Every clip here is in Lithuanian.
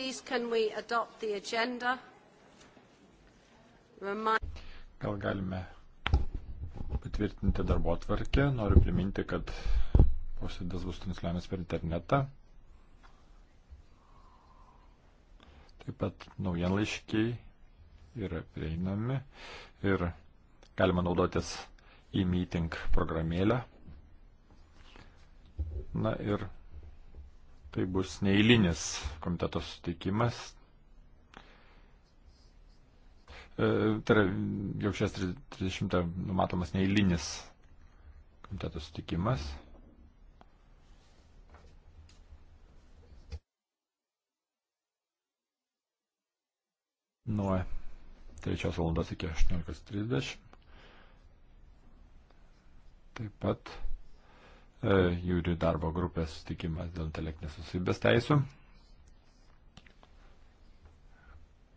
Please can we adopt the agenda? Remind... Gal galime patvirtinti darbo atvarkę. Noriu priminti, kad posėdės bus transliuojamas per internetą. Taip pat naujienlaiškiai yra prieinami ir galima naudotis e-meeting programėlę. Na ir Tai bus neįlinis komiteto sutikimas. E, tai yra jau šias 30 numatomas neįlinis komiteto sutikimas. Nuo 3 valandos iki 18.30. Taip pat E, jūrių darbo grupės sutikimas dėl intelektinės susibės teisų.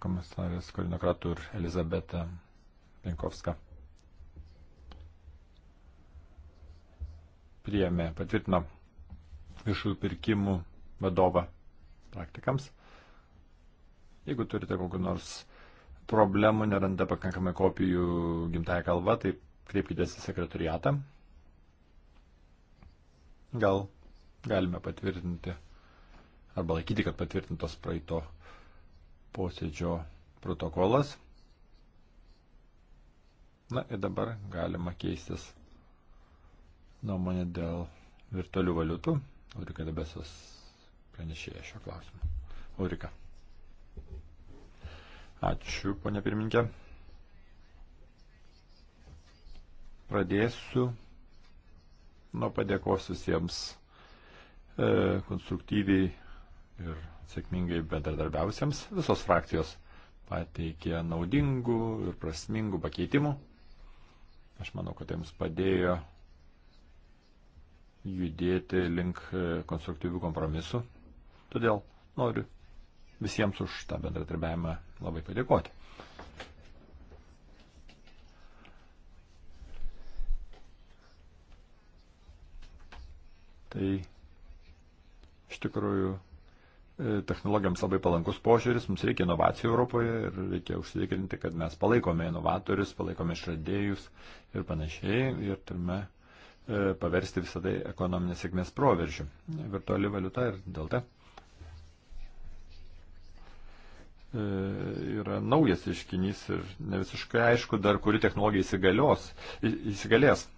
Komisarės Korinokratų ir Elizabeta Penkovska. Priėmė, patvirtino viešųjų pirkimų vadovą praktikams. Jeigu turite kokiu nors problemų, neranda pakankamai kopijų gimtaja kalba, tai kreipkitės į sekretariatą. Gal galime patvirtinti arba laikyti, kad patvirtintos praeito posėdžio protokolas. Na ir dabar galima keistis nuomonė dėl virtualių valiutų. Aurika Debesas pranešėja šio klausimu. Aurika. Ačiū, ponia pirminkė. Pradėsiu nuo padėkos visiems e, konstruktyviai ir sėkmingai bendradarbiavusiems. Visos frakcijos pateikė naudingų ir prasmingų pakeitimų. Aš manau, kad tai mums padėjo judėti link e, konstruktyvių kompromisų. Todėl noriu visiems už tą bendradarbiavimą labai padėkoti. Tai iš tikrųjų e, technologijams labai palankus požiūris, mums reikia inovacijų Europoje ir reikia užsitikrinti, kad mes palaikome inovatorius, palaikome išradėjus ir panašiai ir turime e, paversti visą tai ekonominės sėkmės proveržių. Virtuali valiuta ir dėl to e, yra naujas iškinys ir ne visiškai aišku dar, kuri technologija įsigalios, įsigalės.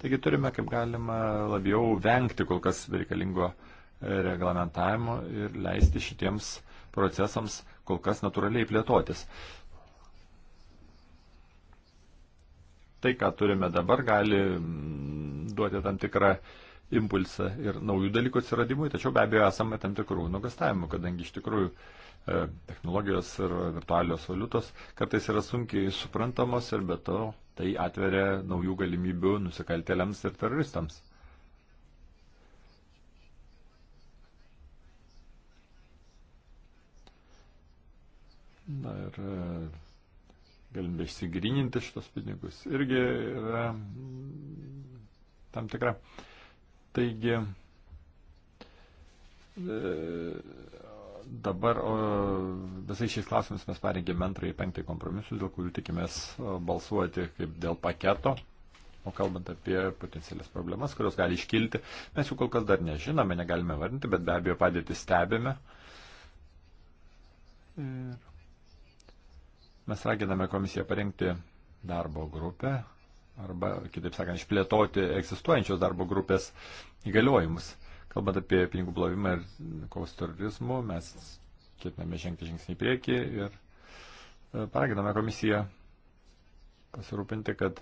Taigi turime kaip galima labiau vengti kol kas reikalingo e, reglamentavimo ir leisti šitiems procesams kol kas natūraliai plėtotis. Tai, ką turime dabar, gali mm, duoti tam tikrą impulsą ir naujų dalykų atsiradimui, tačiau be abejo esame tam tikrų nugastavimų, kadangi iš tikrųjų e, technologijos ir virtualios valiutos kartais yra sunkiai suprantamos ir be to tai atveria naujų galimybių nusikaltėliams ir teroristams. Na ir e, galimybė išsigryninti šitos pinigus irgi yra mm, tam tikra. Taigi, e, dabar visais šiais klausimais mes parengėme antrąjį, penktąjį kompromisus, dėl kurių tikimės balsuoti kaip dėl paketo. O kalbant apie potencialias problemas, kurios gali iškilti, mes jų kol kas dar nežinome, negalime vardinti, bet be abejo padėtį stebime. Ir mes raginame komisiją parengti darbo grupę arba, kitaip sakant, išplėtoti egzistuojančios darbo grupės įgaliojimus. Kalbant apie pinigų plovimą ir kovos terorizmu, mes ketiname žengti žingsnį į priekį ir e, paraginame komisiją pasirūpinti, kad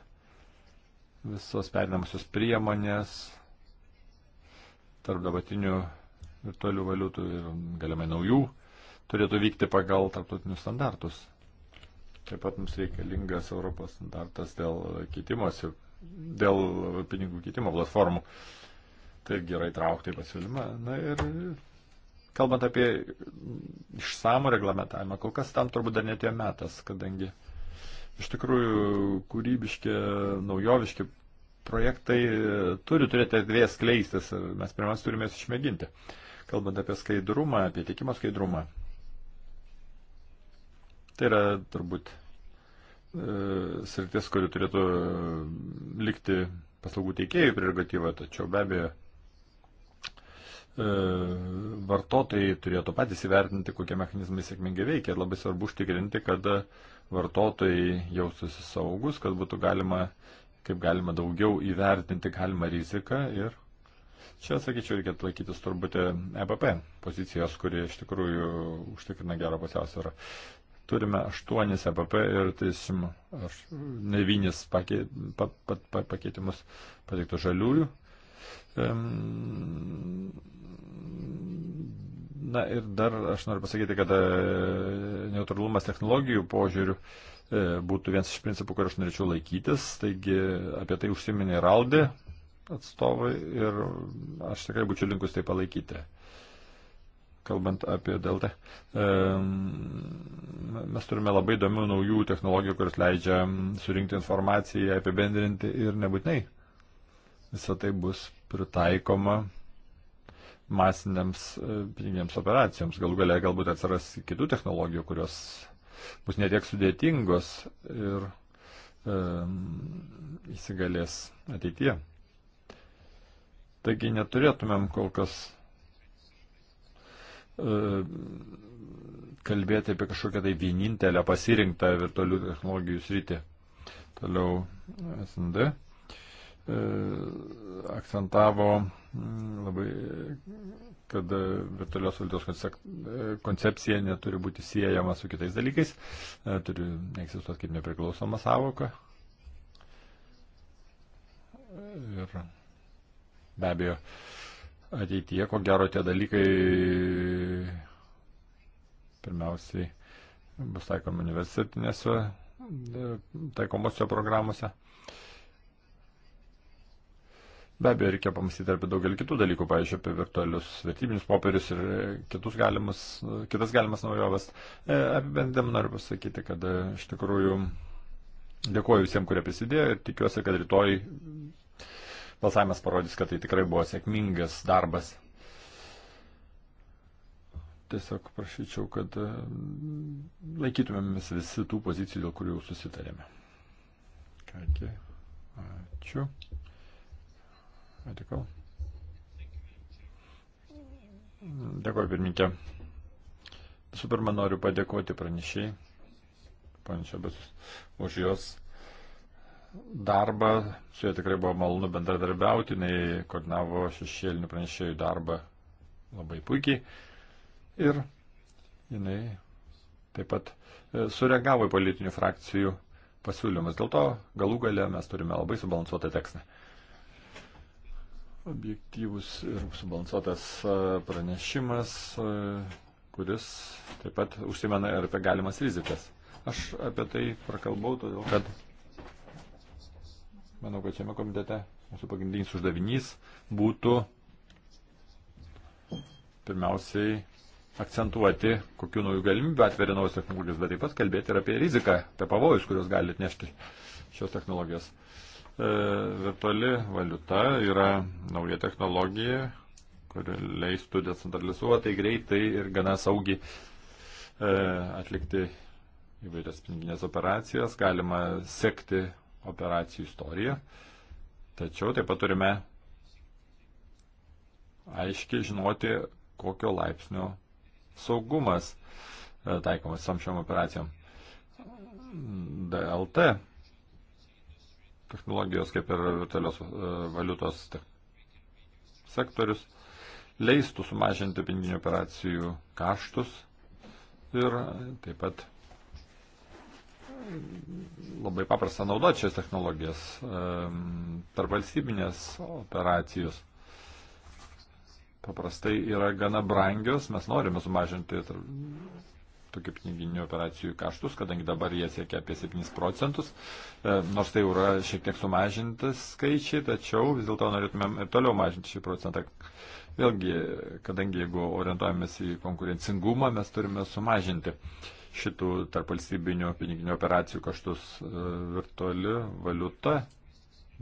visos perinamusios priemonės tarp dabartinių virtualių valiutų ir galimai naujų turėtų vykti pagal tarptautinius standartus. Taip pat mums reikalingas Europos standartas dėl keitimos ir dėl pinigų keitimo platformų. Uh, tai irgi yra įtraukta į pasiūlymą. Na ir kalbant apie išsamų reglamentavimą, kol kas tam turbūt dar netėjo metas, kadangi iš tikrųjų kūrybiški, naujoviški projektai turi turėti erdvės kleistis ir mes pirmiausia turime jas išmėginti. Kalbant apie skaidrumą, apie tiekimo skaidrumą. Tai yra turbūt e, sritis, kuri turėtų e, likti paslaugų teikėjų prerogatyva, tačiau be abejo E, vartotojai turėtų patys įvertinti, kokie mechanizmai sėkmingai veikia. Ir labai svarbu užtikrinti, kad vartotojai jaustųsi saugus, kad būtų galima, kaip galima daugiau įvertinti galimą riziką. Ir čia, sakyčiau, reikėtų laikytis turbūt EPP pozicijos, kuri iš tikrųjų užtikrina gerą pusiausvyrą. Turime 8 EPP ir 39 pakeitimus pateiktų žaliųjų. Na ir dar aš noriu pasakyti, kad e, neutralumas technologijų požiūrių e, būtų vienas iš principų, kur aš norėčiau laikytis. Taigi apie tai užsiminė ir Aldi atstovai ir aš tikrai būčiau linkus tai palaikyti. Kalbant apie Delta, mes turime labai įdomių naujų technologijų, kuris leidžia surinkti informaciją, apibendrinti ir nebūtinai visą tai bus pritaikoma masiniams e, piniginėms operacijoms. Galų galia galbūt atsiras kitų technologijų, kurios bus netiek sudėtingos ir e, įsigalės ateityje. Taigi neturėtumėm kol kas e, kalbėti apie kažkokią tai vienintelę pasirinktą virtualių technologijų sritį. Toliau SND. E, akcentavo mm, labai, kad virtualios valdžios koncepcija neturi būti siejama su kitais dalykais, e, turi egzistuoti kaip nepriklausoma savoka. Ir be abejo, ateityje, ko gero, tie dalykai pirmiausiai bus taikomi universitetinėse e, taikomosios programuose. Be abejo, reikia pamastyti apie daugelį kitų dalykų, pavyzdžiui, apie virtualius vertybinius popierius ir kitus galimus, kitas galimas naujoves. E, Apibendėm noriu pasakyti, kad e, iš tikrųjų dėkuoju visiems, kurie prisidėjo ir tikiuosi, kad rytoj balsavimas parodys, kad tai tikrai buvo sėkmingas darbas. Tiesiog prašyčiau, kad e, laikytumėmės visi tų pozicijų, dėl kurių susitarėme. Kągi, ačiū. Atikau. Dėkuoju, pirmininkė. Visų pirma, noriu padėkoti pranešiai, panašiabas, už jos darbą. Su ja tikrai buvo malonu bendradarbiauti, jinai koordinavo šešėlinių pranešėjų darbą labai puikiai. Ir jinai taip pat e, sureagavo į politinių frakcijų pasiūlymus. Dėl to galų gale mes turime labai subalansuotą tekstą objektyvus ir subalansuotas e, pranešimas, e, kuris taip pat užsimena ir apie galimas rizikas. Aš apie tai prakalbau, todėl kad manau, kad šiame komitete mūsų pagrindinis uždavinys būtų pirmiausiai akcentuoti, kokiu naujų galimybių atveria naujos technologijos, bet taip pat kalbėti ir apie riziką, apie pavojus, kurios gali atnešti šios technologijos. E, virtuali valiuta yra nauja technologija, kuri leistų decentralizuotai, greitai ir gana saugiai e, atlikti įvairias piniginės operacijas, galima sekti operacijų istoriją. Tačiau taip pat turime aiškiai žinoti, kokio laipsnio saugumas e, taikomas samšiam operacijom. DLT technologijos, kaip ir virtualios e, valiutos sektorius, leistų sumažinti piniginių operacijų kaštus ir taip pat labai paprasta naudoti šias technologijas e, per valstybinės operacijos. Paprastai yra gana brangios, mes norime sumažinti tokių piniginių operacijų kaštus, kadangi dabar jie siekia apie 7 procentus, e, nors tai yra šiek tiek sumažintas skaičiai, tačiau vis dėlto norėtumėm ir toliau mažinti šį procentą. Vėlgi, kadangi jeigu orientuojamės į konkurencingumą, mes turime sumažinti šitų tarp valstybinių piniginių operacijų kaštus e, virtuali valiuta.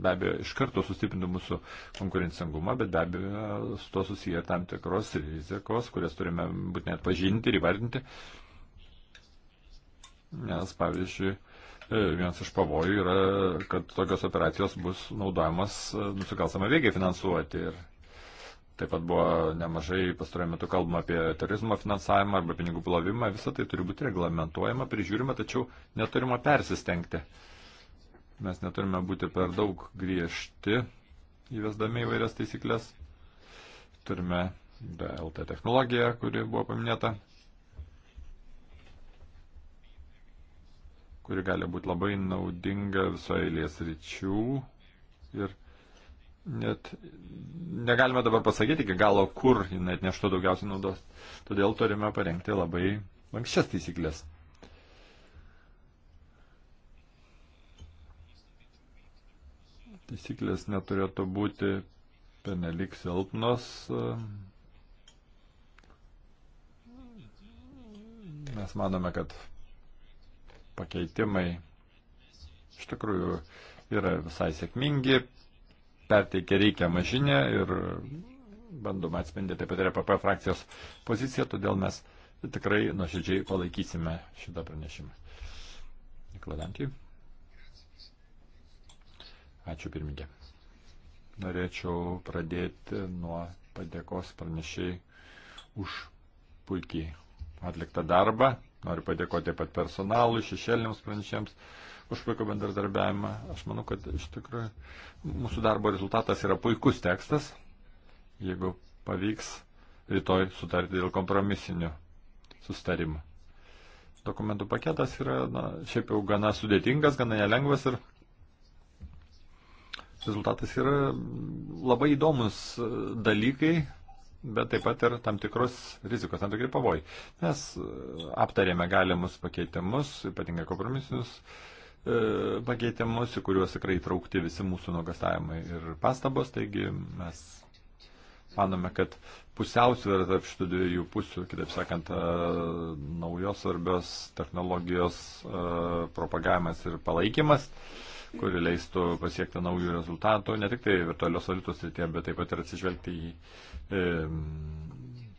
Be abejo, iš karto sustiprintų mūsų konkurencingumą, bet be abejo, su to susiję tam tikros rizikos, kurias turime būtent pažinti ir įvardinti. Uh, nes pavyzdžiui, e, vienas iš pavojų yra, kad tokios operacijos bus naudojamas e, nusikalstamai veikiai finansuoti. Ir taip pat buvo nemažai pastarojame metu kalbama apie terorizmo finansavimą arba pinigų plovimą. Visą tai turi būti reglamentuojama, prižiūrima, tačiau neturima persistengti. Mes neturime būti per daug griežti įvesdami įvairias taisyklės. Turime DLT technologiją, kuri buvo paminėta. kuri gali būti labai naudinga visoje eilės ryčių. Ir net negalime dabar pasakyti iki galo, kur jinai atneštų daugiausiai naudos. Todėl turime parengti labai lankščias taisyklės. Taisyklės neturėtų būti penelik silpnos. Mes manome, kad pakeitimai iš tikrųjų yra visai sėkmingi, perteikia reikiamą žinę ir bandoma atspindėti taip pat ir APP e frakcijos poziciją, todėl mes tikrai nuoširdžiai palaikysime šitą pranešimą. Nikladantį. Ačiū pirmininkė. Norėčiau pradėti nuo padėkos pranešiai už puikiai atliktą darbą. Noriu padėkoti taip pat personalui, šešėliniams pranešėms už puikų bendradarbiavimą. Aš manau, kad iš tikrųjų mūsų darbo rezultatas yra puikus tekstas, jeigu pavyks rytoj sutarti dėl kompromisinių sustarimų. Dokumentų paketas yra na, šiaip jau gana sudėtingas, gana nelengvas ir rezultatas yra labai įdomus dalykai, bet taip pat ir tam tikros rizikos, tam tikri pavojai. Mes e, aptarėme galimus pakeitimus, ypatingai kompromisinius e, pakeitimus, į kuriuos tikrai įtraukti visi mūsų nuogastavimai ir pastabos, taigi mes manome, kad pusiausvėra tarp šitų dviejų pusių, kitaip sakant, e, naujos svarbios technologijos e, propagavimas ir palaikymas kuri leistų pasiekti naujų rezultatų, ne tik tai virtualios valiutos srityje, bet taip pat ir atsižvelgti į e,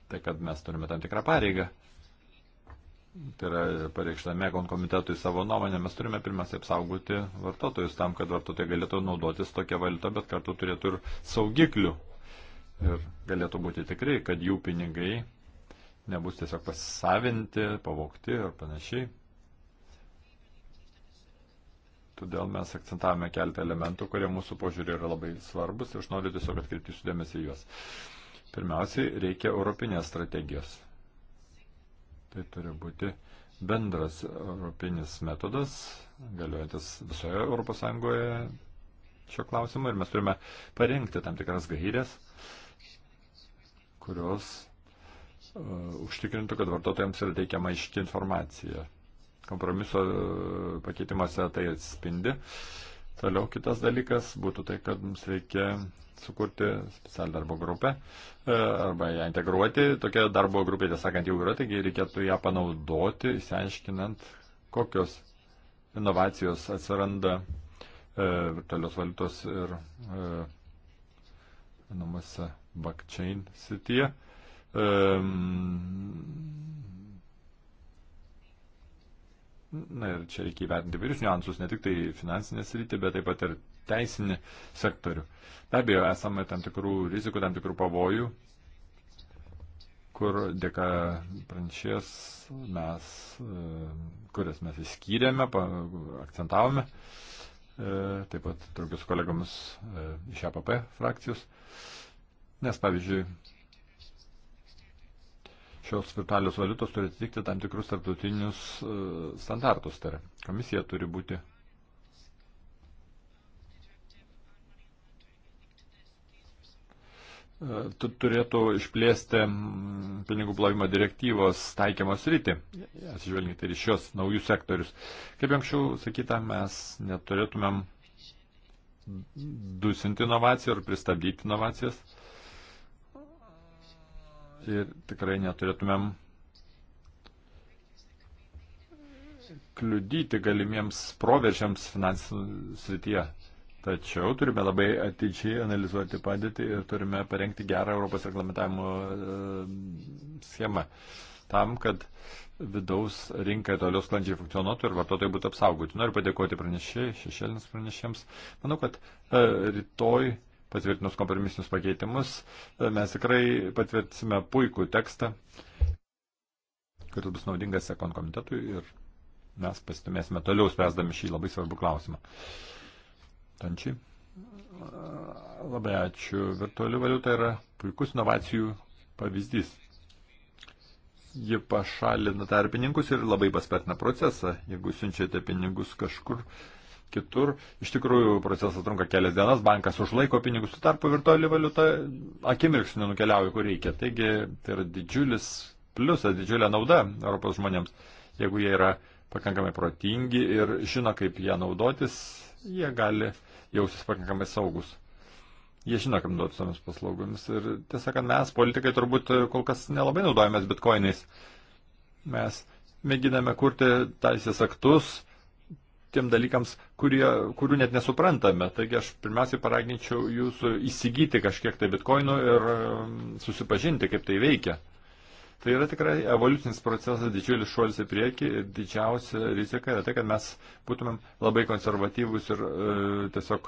tai, kad mes turime tam tikrą pareigą. Tai yra pareikšta Mekon komitetui savo nuomonę, mes turime pirmiausia apsaugoti vartotojus tam, kad vartotojai galėtų naudotis tokią valiutą, bet kartu turėtų ir saugiklių ir galėtų būti tikrai, kad jų pinigai nebus tiesiog pasisavinti, pavokti ir panašiai. Todėl mes akcentavome keletą elementų, kurie mūsų požiūrį yra labai svarbus ir aš noriu tiesiog atkreipti sudėmėsi juos. Pirmiausiai, reikia europinės strategijos. Tai turi būti bendras europinis metodas, galiojantis visoje ES šio klausimo ir mes turime parengti tam tikras gairės, kurios uh, užtikrintų, kad vartotojams yra teikiama iški informacija kompromiso e, pakeitimuose tai atspindi. Toliau kitas dalykas būtų tai, kad mums reikia sukurti specialią darbo grupę e, arba ją integruoti. Tokia darbo grupė, tiesąkant, jau yra, taigi reikėtų ją panaudoti, įsiaiškinant, kokios inovacijos atsiranda e, virtualios valiutos ir namuose blockchain sityje. Um, Na ir čia reikia įvertinti vairius niuansus, ne tik tai finansinę sritį, bet taip pat ir teisinį sektorių. Be abejo, esame tam tikrų rizikų, tam tikrų pavojų, kur dėka pranšės mes, e, kurias mes įskyrėme, akcentavome, e, taip pat draugius kolegomis e, iš APP frakcijos. Nes, pavyzdžiui, šios virtualios valiutos turi atitikti tam tikrus tarptautinius e, standartus. Tai yra, komisija turi būti e, tu turėtų išplėsti pinigų plovimo direktyvos taikymos rytį, atsižvelgiant ir iš šios naujus sektorius. Kaip anksčiau sakyta, mes neturėtumėm dusinti inovacijų ar pristabdyti inovacijas ir tikrai neturėtumėm kliudyti galimiems proveržiams finansų srityje. Tačiau turime labai atidžiai analizuoti padėtį ir turime parengti gerą Europos reglamentavimo e, schemą tam, kad vidaus rinka toliau sklandžiai funkcionuotų ir vartotojai būtų apsaugoti. Noriu padėkoti pranešėjai, šešėlinis pranešėjams. Manau, kad e, rytoj patvirtinus kompromisinius pakeitimus, mes tikrai patvirtinsime puikų tekstą, kuris bus naudingas ekon komitetui ir mes pasitumėsime toliau spręsdami šį labai svarbų klausimą. Tančiai. Labai ačiū. Virtuali valiuta yra puikus inovacijų pavyzdys. Ji pašalina tarpininkus ir labai paspartina procesą. Jeigu siunčiate pinigus kažkur, uh, kitur. Iš tikrųjų, procesas trunka kelias dienas, bankas užlaiko pinigus, tu tarpu virtuali valiuta akimirksniu nukeliauja, kur reikia. Taigi tai yra didžiulis pliusas, didžiulė nauda Europos žmonėms. Jeigu jie yra pakankamai protingi ir žino, kaip ją naudotis, jie gali jausis pakankamai saugus. Jie žino, kaip naudotis tomis paslaugomis. Ir tiesą sakant, mes, politikai, turbūt kol kas nelabai naudojamės bitkoinais. Mes mėginame kurti teisės aktus, tiem dalykams, kurie, kurių net nesuprantame. Taigi aš pirmiausiai paraginčiau jūsų įsigyti kažkiek tai bitkoinų ir um, susipažinti, kaip tai veikia. Tai yra tikrai evoliucinis procesas, didžiulis šuolis į priekį ir didžiausia rizika yra tai, kad mes būtumėm labai konservatyvus ir e, tiesiog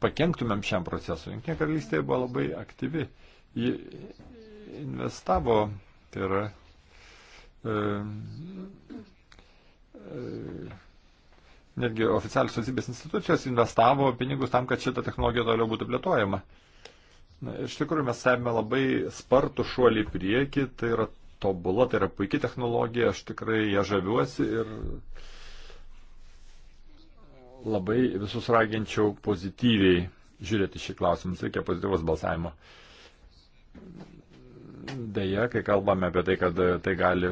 pakenktumėm šiam procesui. Junktinė karalystė buvo labai aktyvi. Ji investavo, tai yra e, e, netgi oficialios valstybės institucijos investavo pinigus tam, kad šita technologija toliau būtų plėtojama. Na, iš tikrųjų, mes stebime labai spartų šuolį į priekį, tai yra tobula, tai yra puikia technologija, aš tikrai ją žaviuosi ir labai visus raginčiau pozityviai žiūrėti šį klausimą, reikia pozityvos balsavimo. Deja, kai kalbame apie tai, kad tai gali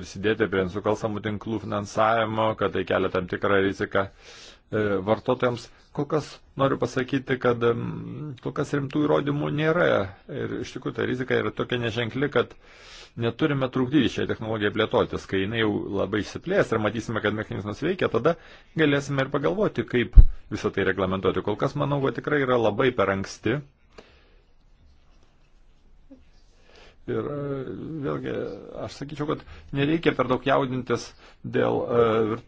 prisidėti prie nusikalstamų tinklų finansavimo, kad tai kelia tam tikrą riziką e, vartotojams. Kol kas noriu pasakyti, kad kol kas rimtų įrodymų nėra ir iš tikrųjų ta rizika yra tokia neženkli, kad neturime trukdyti šiai technologijai plėtotis. Kai jinai jau labai išsiplės ir matysime, kad mechanizmas veikia, tada galėsime ir pagalvoti, kaip visą tai reglamentuoti. Kol kas, manau, kad tikrai yra labai per anksti Ir e, vėlgi, aš sakyčiau, kad nereikia per daug jaudintis dėl e,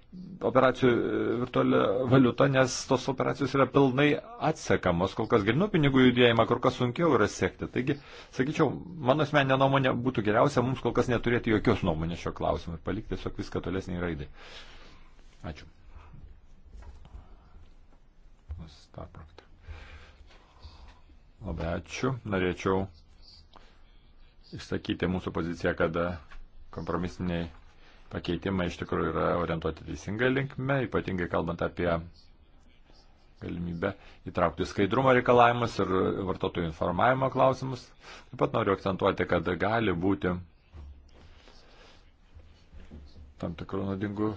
operacijų e, virtualią valiutą, nes tos operacijos yra pilnai atsekamos, kol kas grinų pinigų judėjimą kur kas sunkiau yra sekti. Taigi, sakyčiau, mano asmeninė nuomonė būtų geriausia mums kol kas neturėti jokios nuomonės šio klausimu ir palikti tiesiog viską tolesniai raidai. Ačiū. Labai ačiū. Norėčiau išsakyti mūsų poziciją, kad kompromisiniai pakeitimai iš tikrųjų yra orientuoti teisinga linkme, ypatingai kalbant apie galimybę įtraukti skaidrumo reikalavimus ir vartotojų informavimo klausimus. Taip pat noriu akcentuoti, kad gali būti tam tikrų naudingų e,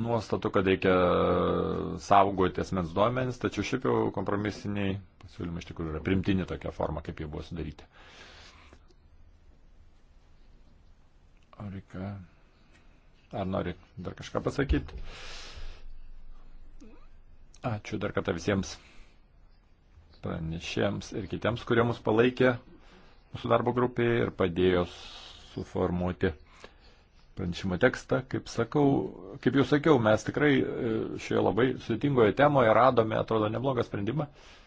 nuostatų, kad reikia saugoti asmens duomenis, tačiau šiaip jau kompromisiniai pasiūlymai iš tikrųjų yra primtini tokia forma, kaip jie buvo sudaryti. Ulrika, ar nori dar kažką pasakyti? Ačiū dar kartą visiems pranešėms ir kitiems, kurie mus palaikė mūsų darbo grupėje ir padėjo suformuoti pranešimo tekstą. Kaip, sakau, kaip jau sakiau, mes tikrai e, šioje labai sudėtingoje temoje radome, atrodo, neblogą sprendimą. Uh,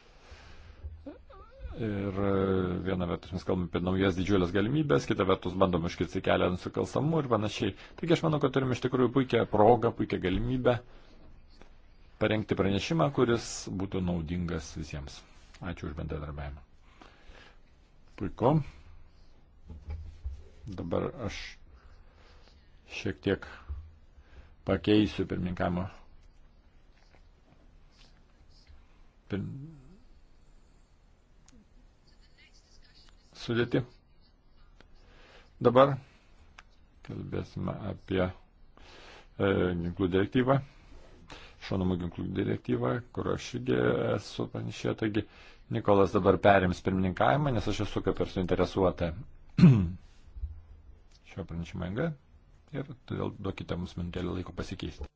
Ir e, viena vertus mes kalbame apie naujas didžiulės galimybės, kita vertus bandom iškirsti kelią nusikalstamų ir panašiai. Taigi aš manau, kad turime iš tikrųjų puikią progą, puikią galimybę parengti pranešimą, kuris būtų naudingas visiems. Ačiū už bendradarbiavimą. Puiku. Dabar aš šiek tiek pakeisiu pirmininkamo. Pir sudėti. Dabar kalbėsime apie e, ginklų direktyvą, šonamų ginklų direktyvą, kur aš irgi esu panašė, taigi Nikolas dabar perims pirmininkavimą, nes aš esu kaip ir suinteresuota šio pranešimo enga ir todėl duokite mums minutėlį laiko pasikeisti.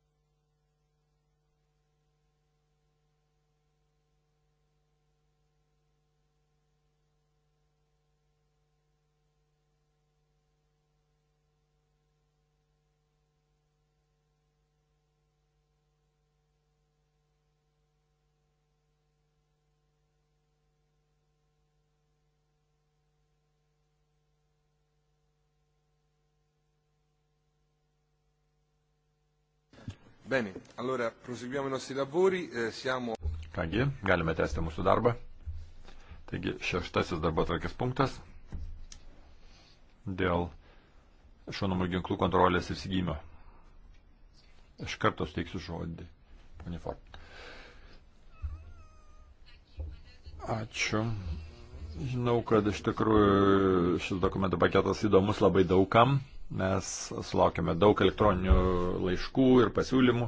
Bene, allora proseguiamo i nostri lavori, eh, siamo... Kągi, galime tęsti mūsų darbą. Taigi, šeštasis darbo atvarkės punktas dėl šaunamų ginklų kontrolės ir įsigymo. Iš karto steiksiu žodį. Uniform. Ačiū. Žinau, kad iš tikrųjų šis dokumentų paketas įdomus labai daugam. Mes sulaukėme daug elektroninių laiškų ir pasiūlymų.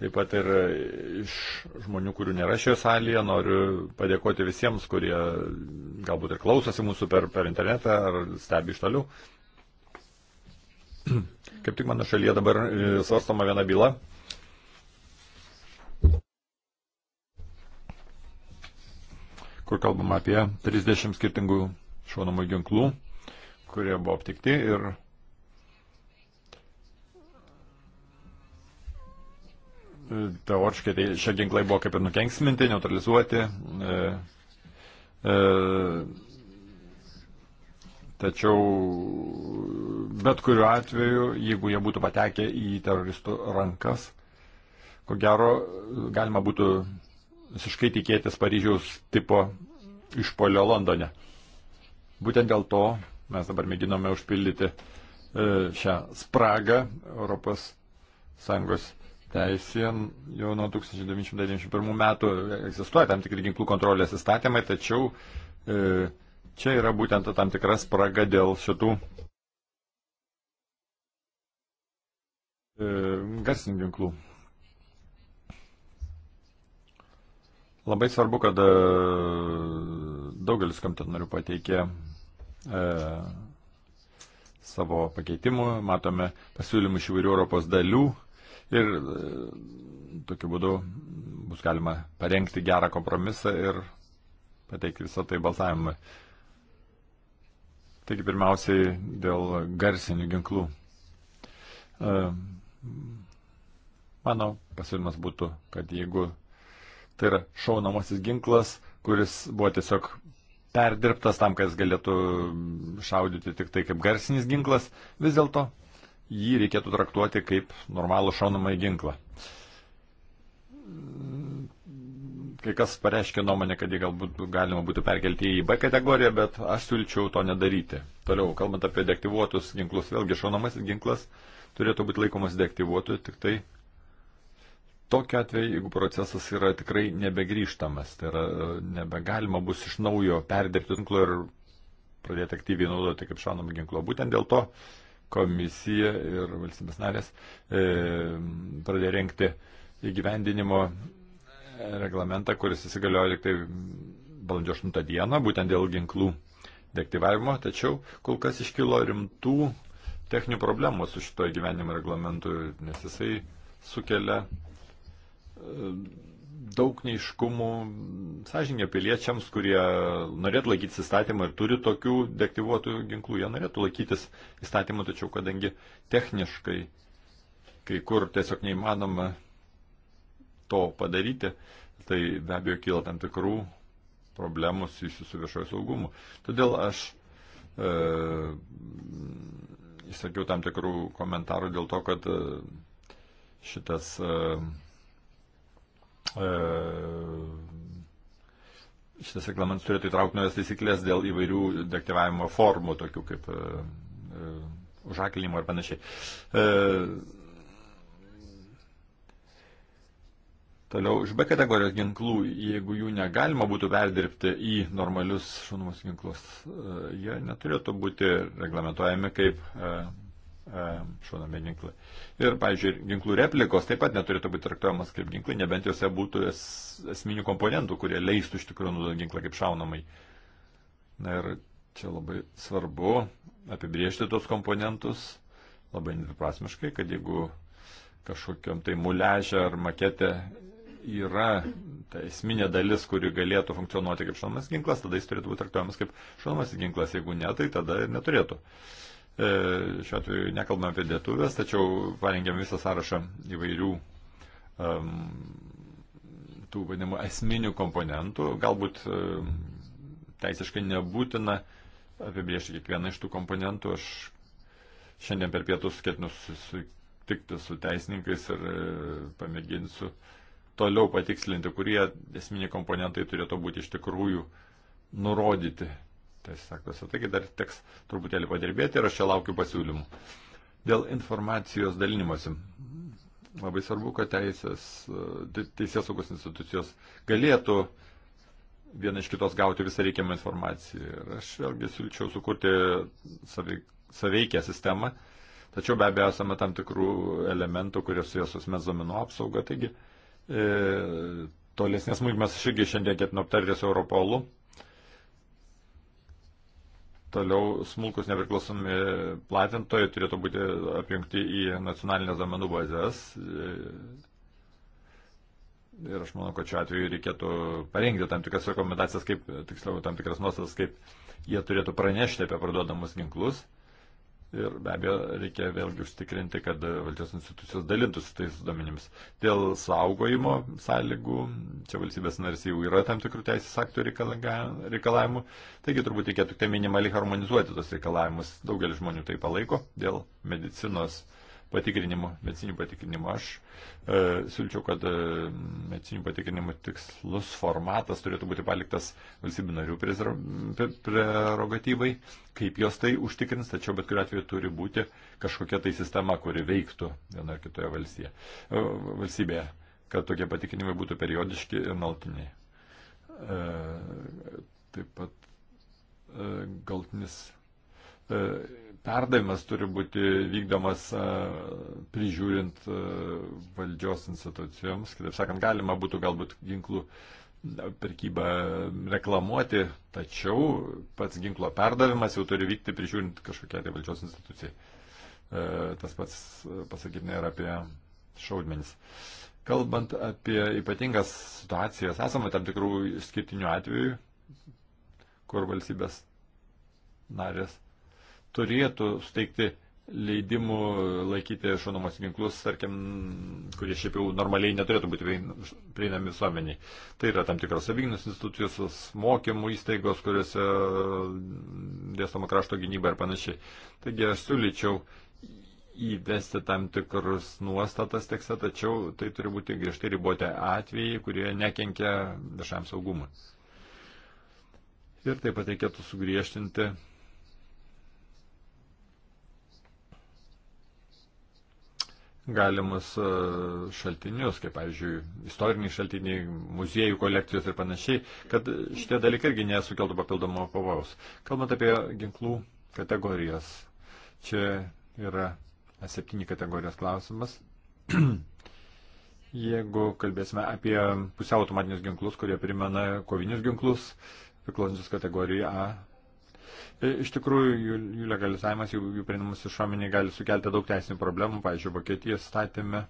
Taip pat ir iš žmonių, kurių nėra šioje salėje, noriu padėkoti visiems, kurie galbūt ir klausosi mūsų per, per internetą ar stebi iš toliau. Kaip tik mano šalyje dabar e, svarstama viena byla. kur kalbama apie 30 skirtingų šaunamų ginklų kurie buvo aptikti ir teoriškai tai šie ginklai buvo kaip ir nukenksminti, neutralizuoti. E, e, tačiau bet kuriuo atveju, jeigu jie būtų patekę į teroristų rankas, ko gero galima būtų visiškai tikėtis Paryžiaus tipo išpolio Londone. Būtent dėl to Mes dabar mėginome užpildyti e, šią spragą Europos Sąjungos teisėje. Jau nuo 1991 metų egzistuoja tam tikri ginklų kontrolės įstatymai, tačiau e, čia yra būtent tam tikra spraga dėl šitų e, garsinių ginklų. Labai svarbu, kad daugelis komitetų narių pateikė e, savo pakeitimų, matome pasiūlymų iš įvairių Europos dalių ir e, tokiu būdu bus galima parengti gerą kompromisą ir pateikti visą tai balsavimui. Taigi pirmiausiai dėl garsinių ginklų. E, mano pasiūlymas būtų, kad jeigu tai yra šaunamasis ginklas, kuris buvo tiesiog perdirbtas tam, kad jis galėtų šaudyti tik tai kaip garsinis ginklas, vis dėlto jį reikėtų traktuoti kaip normalų šaunamąjį ginklą. Kai kas pareiškė nuomonę, kad jį galbūt galima būtų perkelti į B kategoriją, bet aš siūlyčiau to nedaryti. Toliau, kalbant apie deaktyvuotus ginklus, vėlgi šaunamasis ginklas turėtų būti laikomas deaktyvuotų tik tai Tokiu atveju, jeigu procesas yra tikrai nebegrįžtamas, tai yra nebegalima bus iš naujo perdirbti tinklo ir pradėti aktyviai naudoti kaip šaunamą ginklą. Būtent dėl to komisija ir valstybės narės e, pradėjo renkti įgyvendinimo e, reglamentą, kuris įsigaliojo tik tai balandžio 8 dieną, būtent dėl ginklų deaktyvavimo, tačiau kol kas iškilo rimtų techninių problemų su šito gyvenimo reglamentu, nes jisai sukelia daug neiškumų sąžinė piliečiams, kurie norėtų laikytis įstatymą ir turi tokių deaktyvuotų ginklų. Jie norėtų laikytis įstatymą, tačiau kadangi techniškai kai kur tiesiog neįmanoma to padaryti, tai be abejo kyla tam tikrų problemų susijusių su viešojo saugumu. Todėl aš e, išsakiau tam tikrų komentarų dėl to, kad e, šitas e, E, šitas reglamentas turėtų įtraukti naujas taisyklės dėl įvairių deaktyvavimo formų, tokių kaip e, e, užakilinimo ar panašiai. Toliau, iš B kategorijos ginklų, jeigu jų negalima būtų perdirbti į normalius šunumus ginklus, jie neturėtų būti reglamentojami kaip E, šaunami ginklai. Ir, pavyzdžiui, ginklų replikos taip pat neturėtų būti traktuojamas kaip ginklai, nebent juose būtų es, esminių komponentų, kurie leistų iš tikrųjų naudoti ginklą kaip šaunamai. Na ir čia labai svarbu apibriežti tos komponentus labai nedviprasmiškai, kad jeigu kažkokiam tai muležė ar maketė yra ta esminė dalis, kuri galėtų funkcionuoti kaip šaunamas ginklas, tada jis turėtų būti traktuojamas kaip šaunamas ginklas, jeigu ne, tai tada ir neturėtų. Uh, E, šiuo atveju nekalbame apie dėtuvės, tačiau parengėme visą sąrašą įvairių um, tų vadinamų esminių komponentų. Galbūt um, teisiškai nebūtina apibriežti kiekvieną iš tų komponentų. Aš šiandien per pietus ketinu susitikti su teisininkais ir e, pamėginsiu toliau patikslinti, kurie esminiai komponentai turėtų būti iš tikrųjų nurodyti teisės aktuose. Taigi dar teks truputėlį padirbėti ir aš čia laukiu pasiūlymų. Dėl informacijos dalinimuose. Labai svarbu, kad teisės, teisės saugos institucijos galėtų viena iš kitos gauti visą reikiamą informaciją. Ir aš vėlgi siūlyčiau sukurti saveikę sistemą, tačiau be abejo esame tam tikrų elementų, kurie su jos asmens domino apsauga. Taigi e, tolesnės smulkmes aš irgi šiandien ketinu aptarti su Europolu toliau smulkus nepriklausomi platintojai turėtų būti apjungti į nacionalinės domenų bazės. Ir aš manau, kad šiuo atveju reikėtų parengti tam tikras rekomendacijas, kaip, tiksliau, tam tikras nuostatas, kaip jie turėtų pranešti apie parduodamus ginklus. Ir be abejo, reikia vėlgi užtikrinti, kad valdžios institucijos dalintųsi tais duomenimis. Dėl saugojimo sąlygų, čia valstybės narys jau yra tam tikrų teisės aktų reikalavimų, taigi turbūt reikėtų tik tai minimaliai harmonizuoti tos reikalavimus. Daugelis žmonių tai palaiko dėl medicinos patikrinimų, medicinių patikrinimų. Aš e, siūlyčiau, kad e, medicinių patikrinimų tikslus formatas turėtų būti paliktas valstybių narių prerogatyvai, kaip jos tai užtikrins, tačiau bet kuriu atveju turi būti kažkokia tai sistema, kuri veiktų vienoje ar kitoje valstybėje, e, valstybėje kad tokie patikrinimai būtų periodiški ir nuolatiniai. E, taip pat e, galtinis e, perdavimas turi būti vykdomas e, prižiūrint e, valdžios institucijoms. Kitaip sakant, galima būtų galbūt ginklų pirkybą reklamuoti, tačiau pats ginklo perdavimas jau turi vykti prižiūrint kažkokiai tai valdžios institucijai. E, tas pats pasakytinė yra apie šaudmenis. Kalbant apie ypatingas situacijas, esame tam tikrų išskirtinių atvejų, kur valstybės narės turėtų steigti leidimų laikyti šaunamas ginklus, tarkim, kurie šiaip jau normaliai neturėtų būti prieinami visuomeniai. Tai yra tam tikros savignos institucijos, mokymų įstaigos, kuriuose dėstama krašto gynyba ir panašiai. Taigi aš siūlyčiau įvesti tam tikrus nuostatas tekste, tačiau tai turi būti griežtai riboti atvejai, kurie nekenkia viešam saugumui. Ir taip pat reikėtų sugriežtinti galimus e, šaltinius, kaip, pavyzdžiui, istoriniai šaltiniai, muziejų kolekcijos ir panašiai, kad šitie dalykai irgi nesukeltų papildomo pavojaus. Kalbant apie ginklų kategorijas, čia yra A7 kategorijos klausimas. Jeigu kalbėsime apie pusiau automatinius ginklus, kurie primena kovinius ginklus, priklausančius kategorijai A E, iš tikrųjų, jų, jų legalizavimas, jų, jų prieinamas išuomeniai gali sukelti daug teisinių problemų. Pavyzdžiui, Vokietijos statėme,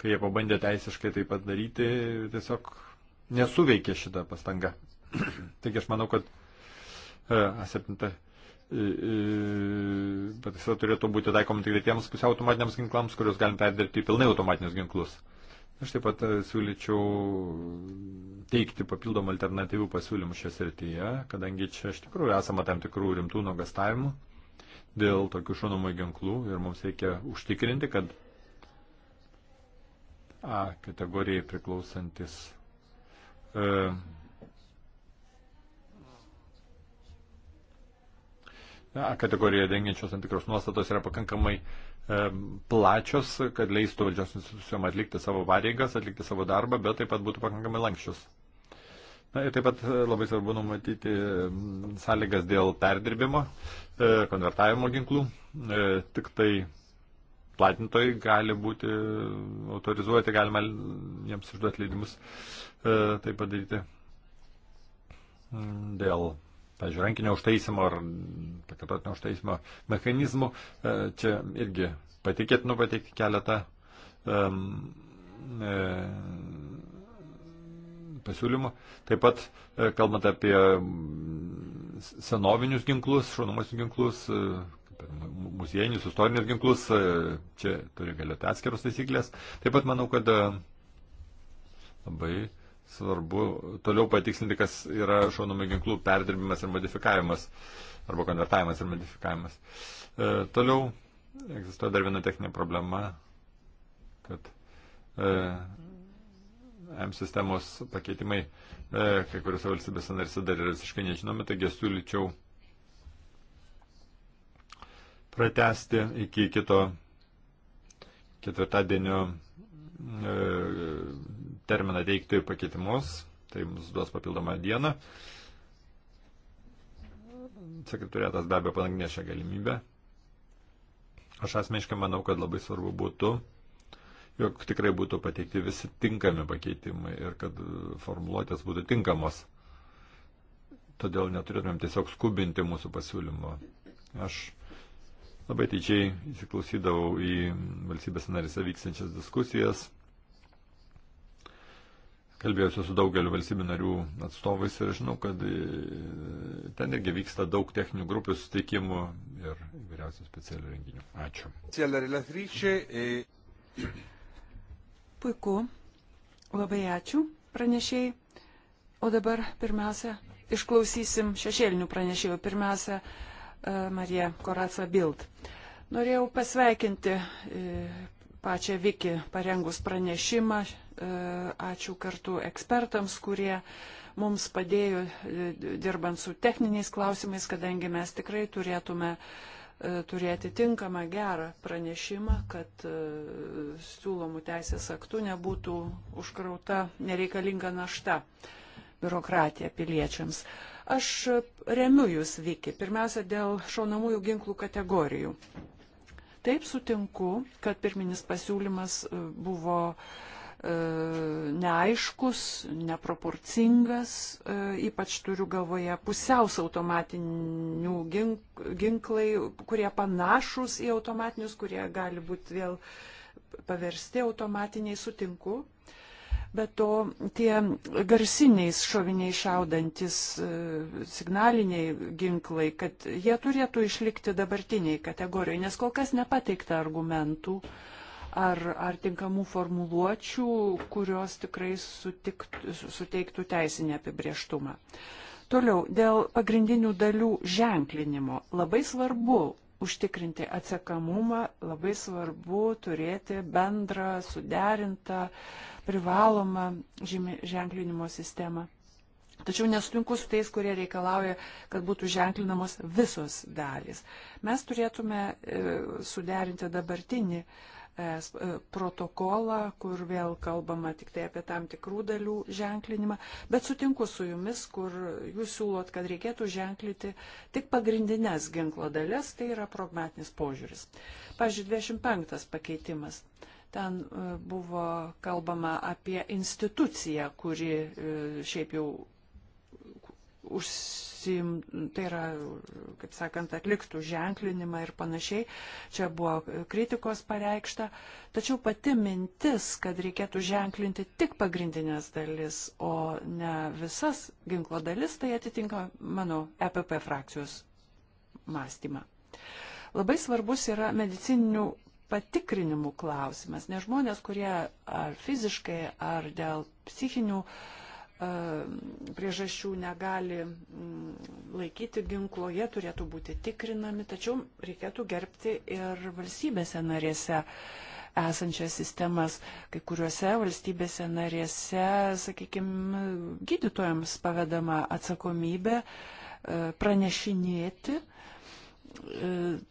kai jie pabandė teisiškai tai padaryti, tiesiog nesuveikė šitą pastangą. Taigi aš manau, kad e, A7 e, pataisa turėtų būti taikoma tik tiems pusiau automatiniams ginklams, kuriuos galim perdirbti į pilnai automatinius ginklus. Aš taip pat e, siūlyčiau teikti papildomų alternatyvių pasiūlymų šią srityje, kadangi čia iš tikrųjų esama tam tikrų rimtų nuogastavimų dėl tokių šonamų ginklų ir mums reikia užtikrinti, kad A kategorijai priklausantis e, A kategorijoje dengiančios tam tikros nuostatos yra pakankamai e, plačios, kad leistų valdžios institucijom atlikti savo pareigas, atlikti savo darbą, bet taip pat būtų pakankamai lankščios. Na ir taip pat e, labai svarbu numatyti sąlygas dėl perdirbimo, e, konvertavimo ginklų. E, tik tai platintojai gali būti autorizuoti, galima jiems išduoti leidimus tai padaryti mm, dėl pavyzdžiui, rankinio užtaisimo ar pakartotinio užtaisimo mechanizmų. E, čia irgi patikėtinu pateikti keletą um, e, pasiūlymų. Taip pat, e, kalbant apie senovinius ginklus, šaunamosius ginklus, e, muziejinius, istorinius ginklus, čia turi galėti atskiros taisyklės. Taip pat manau, kad labai uh, svarbu toliau patikslinti, kas yra šaunamų ginklų perdirbimas ir modifikavimas arba konvertavimas ir modifikavimas. E, toliau egzistuoja dar viena techninė problema, kad e, M sistemos pakeitimai e, kai kuriuose valstybėse narse dar yra visiškai nežinomi, taigi siūlyčiau pratesti iki kito ketvirtadienio e, terminą teikti pakeitimus, tai mums duos papildomą dieną. Sekretoriatas be abejo panagrinės šią galimybę. Aš asmeniškai manau, kad labai svarbu būtų, jog tikrai būtų pateikti visi tinkami pakeitimai ir kad formuluotės būtų tinkamos. Todėl neturėtumėm tiesiog skubinti mūsų pasiūlymo. Aš labai teičiai įsiklausydavau į valstybės narise vykstančias diskusijas Kalbėjusiu su daugeliu valstybių narių atstovais ir žinau, kad e, ten irgi vyksta daug techninių grupių susitikimų ir įvairiausių specialių renginių. Ačiū. E, Puiku. Labai ačiū pranešėjai. O dabar pirmiausia, išklausysim šešėlinių pranešėjų. Pirmiausia, e, Marija Koraca Bild. Norėjau pasveikinti pačią Viki parengus pranešimą. E, ačiū kartu ekspertams, kurie mums padėjo e, dirbant su techniniais klausimais, kadangi mes tikrai turėtume e, turėti tinkamą gerą pranešimą, kad siūlomų teisės aktų nebūtų užkrauta nereikalinga našta biurokratija piliečiams. Aš remiu jūs, Viki, pirmiausia dėl šaunamųjų ginklų kategorijų. Taip sutinku, kad pirminis pasiūlymas e, buvo e, neaiškus, neproporcingas, e, ypač turiu galvoje pusiaus automatinių ginklai, kurie panašus į automatinius, kurie gali būti vėl paversti automatiniai, sutinku, Bet to tie garsiniais šoviniai šaudantis e, signaliniai ginklai, kad jie turėtų išlikti dabartiniai kategorijai, nes kol kas nepateikta argumentų ar, ar tinkamų formuluočių, kurios tikrai sutikt, suteiktų teisinį apibrieštumą. Toliau, dėl pagrindinių dalių ženklinimo labai svarbu užtikrinti atsekamumą, labai svarbu turėti bendrą, suderintą, privalomą ženklinimo sistemą. Tačiau nesutinku su tais, kurie reikalauja, kad būtų ženklinamos visos dalys. Mes turėtume e, suderinti dabartinį ES e, protokolą, kur vėl kalbama tik tai apie tam tikrų dalių ženklinimą, bet sutinku su jumis, kur jūs siūlot, kad reikėtų ženklyti tik pagrindinės ginklo dalis, tai yra pragmatinis požiūris. Pavyzdžiui, 25 pakeitimas ten e, buvo kalbama apie instituciją, kuri e, šiaip jau užsim, tai yra, kaip sakant, atliktų ženklinimą ir panašiai. Čia buvo kritikos pareikšta. Tačiau pati mintis, kad reikėtų ženklinti tik pagrindinės dalis, o ne visas ginklo dalis, tai atitinka mano EPP frakcijos mąstymą. Labai svarbus yra medicininių patikrinimų klausimas, nes žmonės, kurie ar fiziškai, ar dėl psichinių uh, E, priežasčių negali mm, laikyti ginklo, jie turėtų būti tikrinami, tačiau reikėtų gerbti ir valstybėse narėse esančias sistemas. Kai kuriuose valstybėse narėse, sakykime, gydytojams pavedama atsakomybė e, pranešinėti e,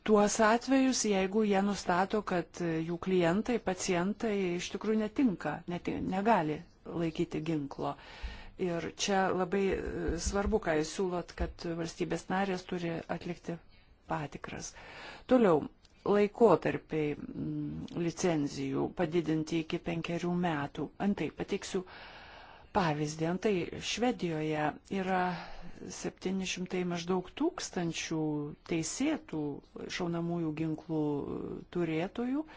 tuos atvejus, jeigu jie nustato, kad jų klientai, pacientai iš tikrųjų netinka, neti, negali laikyti ginklo. Uh, Ir čia labai e, svarbu, ką jūs siūlot, kad valstybės narės turi atlikti patikras. Toliau, laikotarpiai mm, licenzijų padidinti iki penkerių metų. Antai pateiksiu pavyzdį. Antai Švedijoje yra 700 maždaug tūkstančių teisėtų šaunamųjų ginklų turėtojų,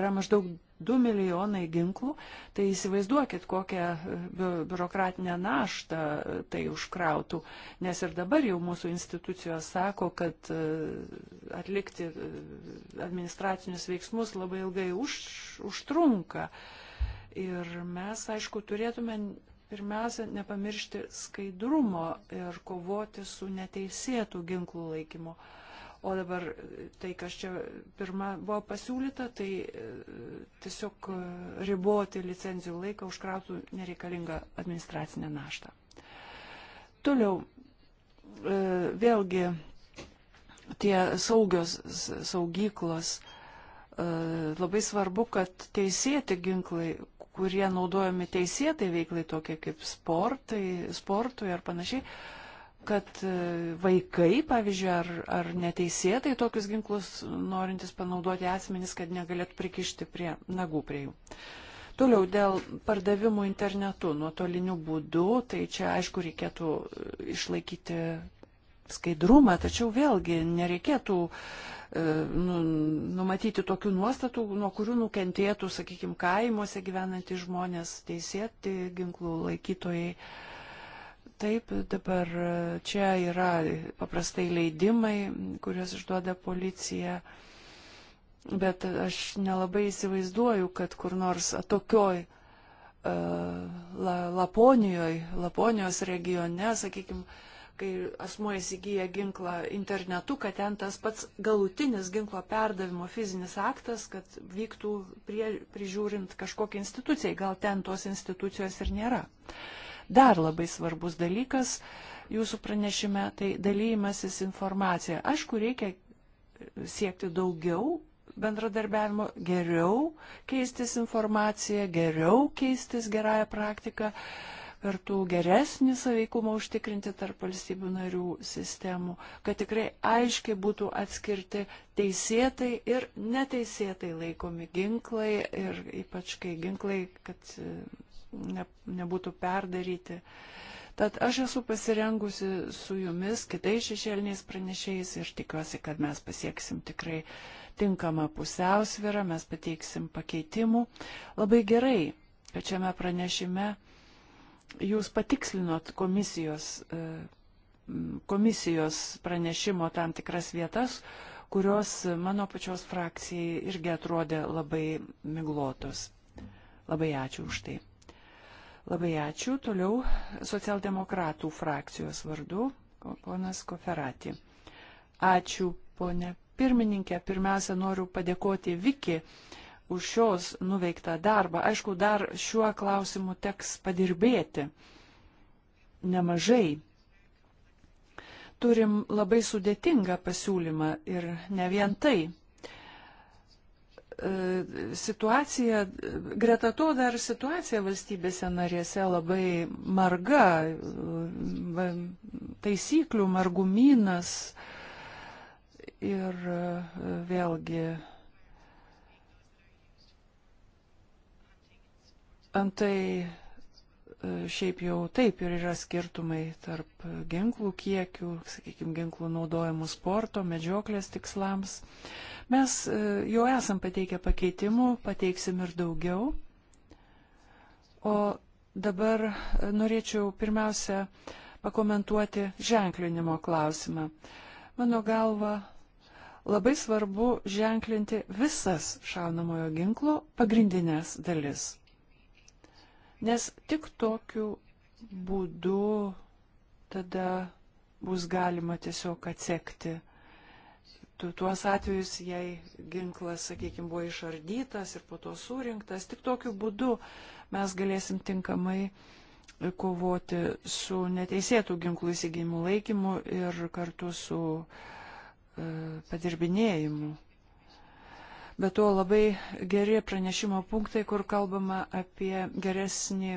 yra maždaug 2 milijonai ginklų, tai įsivaizduokit, kokią e, biurokratinę naštą e, tai užkrautų, nes ir dabar jau mūsų institucijos sako, kad e, atlikti administracinius veiksmus labai ilgai už, užtrunka. Ir mes, aišku, turėtume pirmiausia, nepamiršti skaidrumo ir kovoti su neteisėtų ginklų laikymu. Uh, O dabar tai, kas čia pirma buvo pasiūlyta, tai e, tiesiog e, riboti licenzijų laiką užkrautų nereikalingą administracinę naštą. Toliau, e, vėlgi, tie saugios saugyklos, labai svarbu, kad teisėti ginklai, kurie naudojami teisėtai veiklai, tokie kaip sportai, sportui ar panašiai, kad e, vaikai, pavyzdžiui, ar, ar neteisėtai tokius ginklus norintis panaudoti asmenys, kad negalėtų prikišti prie nagų prie jų. Toliau dėl pardavimų internetu nuotoliniu būdu, tai čia aišku reikėtų e, išlaikyti skaidrumą, tačiau vėlgi nereikėtų e, nu, numatyti tokių nuostatų, nuo kurių nukentėtų, sakykime, kaimuose gyvenantys žmonės, teisėti ginklų laikytojai. E, Taip, dabar čia yra paprastai leidimai, kuriuos išduoda policija. Bet aš nelabai įsivaizduoju, kad kur nors atokioj e, la, Laponijoje, Laponijos regione, sakykime, kai asmuo įsigyja ginklą internetu, kad ten tas pats galutinis ginklo perdavimo fizinis aktas, kad vyktų prie, prižiūrint kažkokią instituciją, gal ten tos institucijos ir nėra. Uh, dar labai svarbus dalykas jūsų pranešime, tai dalymasis informacija. Aišku, reikia siekti daugiau bendradarbiavimo, geriau keistis informaciją, geriau keistis gerąją praktiką, kartu geresnį saveikumą užtikrinti tarp valstybių narių sistemų, kad tikrai aiškiai būtų atskirti teisėtai ir neteisėtai laikomi ginklai ir ypač kai ginklai, kad ne, nebūtų perdaryti. Tad aš esu pasirengusi su jumis, kitais šešėliniais pranešėjais ir tikiuosi, kad mes pasieksim tikrai tinkamą pusiausvyrą, mes pateiksim pakeitimų. Labai gerai, kad šiame pranešime jūs patikslinot komisijos, e, komisijos pranešimo tam tikras vietas, kurios mano pačios frakcijai irgi atrodė labai miglotos. Labai ačiū už tai. Labai ačiū. Toliau socialdemokratų frakcijos vardu ponas Koferati. Ačiū, ponė pirmininkė. Pirmiausia, noriu padėkoti Viki už šios nuveiktą darbą. Aišku, dar šiuo klausimu teks padirbėti nemažai. Turim labai sudėtingą pasiūlymą ir ne vien tai situacija, greta to dar situacija valstybėse narėse labai marga, taisyklių margumynas ir e, vėlgi antai e, šiaip jau taip ir yra skirtumai tarp ginklų kiekių, sakykime, ginklų naudojimų sporto, medžioklės tikslams. Uh, Mes e, jau esam pateikę pakeitimų, pateiksim ir daugiau. O dabar e, norėčiau pirmiausia pakomentuoti ženklinimo klausimą. Mano galva, labai svarbu ženklinti visas šaunamojo ginklo pagrindinės dalis. Nes tik tokiu būdu tada bus galima tiesiog atsekti tuos atvejus, jei ginklas, sakykime, buvo išardytas ir po to surinktas, tik tokiu būdu mes galėsim tinkamai kovoti su neteisėtų ginklų įsigijimu laikymu ir kartu su e, padirbinėjimu. Be to labai geri pranešimo punktai, kur kalbama apie geresnį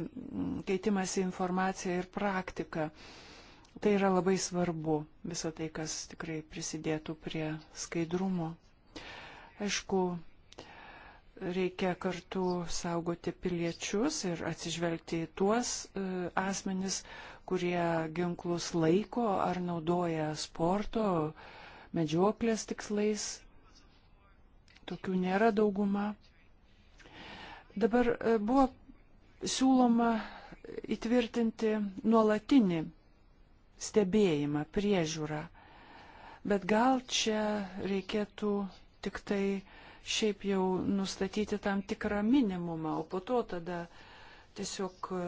keitimąsi informaciją ir praktiką. E, Tai yra labai svarbu, visą tai, kas tikrai prisidėtų prie skaidrumo. Aišku, reikia kartu saugoti piliečius ir atsižvelgti į tuos e, asmenis, kurie ginklus laiko ar naudoja sporto, medžioklės tikslais. Tokių nėra dauguma. Dabar e, buvo siūloma įtvirtinti nuolatinį stebėjimą, priežiūrą. Bet gal čia reikėtų tik tai šiaip jau nustatyti tam tikrą minimumą, o po to tada tiesiog e,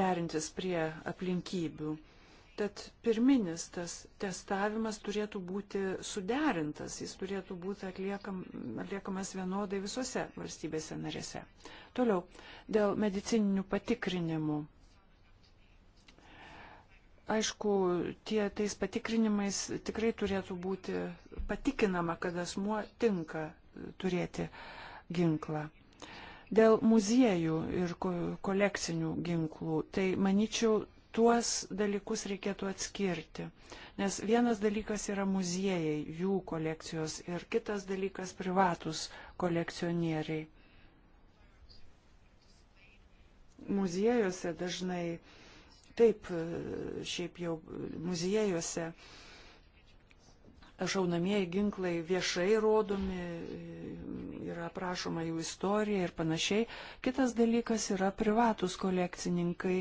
derintis prie aplinkybių. Tad pirminis tas testavimas turėtų būti suderintas, jis turėtų būti atliekam, atliekamas vienodai visose valstybėse narėse. Toliau, dėl medicininių patikrinimų Aišku, tie tais patikrinimais tikrai turėtų būti patikinama, kad asmuo tinka turėti ginklą. Dėl muziejų ir kolekcinių ginklų, tai manyčiau, tuos dalykus reikėtų atskirti. Nes vienas dalykas yra muziejai, jų kolekcijos ir kitas dalykas privatus kolekcionieriai. Muziejuose dažnai uh, taip e, šiaip jau muziejuose šaunamieji ginklai viešai rodomi, e, yra aprašoma jų istorija ir panašiai. Kitas dalykas yra privatus kolekcininkai,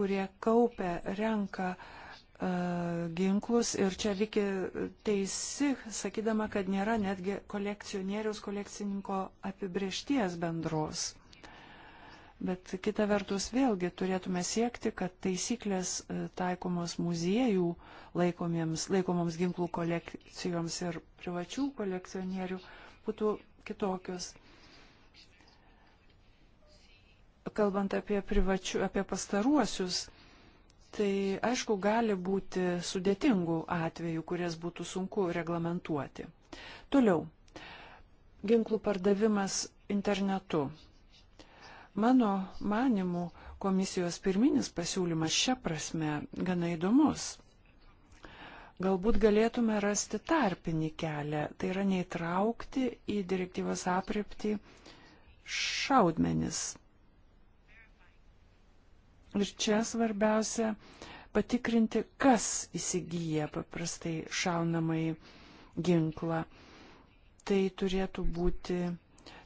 kurie kaupia, renka e, ginklus ir čia Viki teisi, sakydama, kad nėra netgi kolekcionieriaus kolekcininko apibriešties bendros. Bet kita vertus vėlgi turėtume siekti, kad taisyklės e, taikomos muziejų laikomiems, laikomoms ginklų kolekcijoms ir privačių kolekcionierių būtų kitokios. Kalbant apie, privačių, apie pastaruosius, tai aišku gali būti sudėtingų atvejų, kurias būtų sunku reglamentuoti. Toliau. Ginklų pardavimas internetu. Mano manimu, komisijos pirminis pasiūlymas šia prasme gana įdomus. Galbūt galėtume rasti tarpinį kelią, tai yra neįtraukti į direktyvos apriepti šaudmenis. Ir čia svarbiausia patikrinti, kas įsigyja paprastai šaunamai ginklą. Tai turėtų būti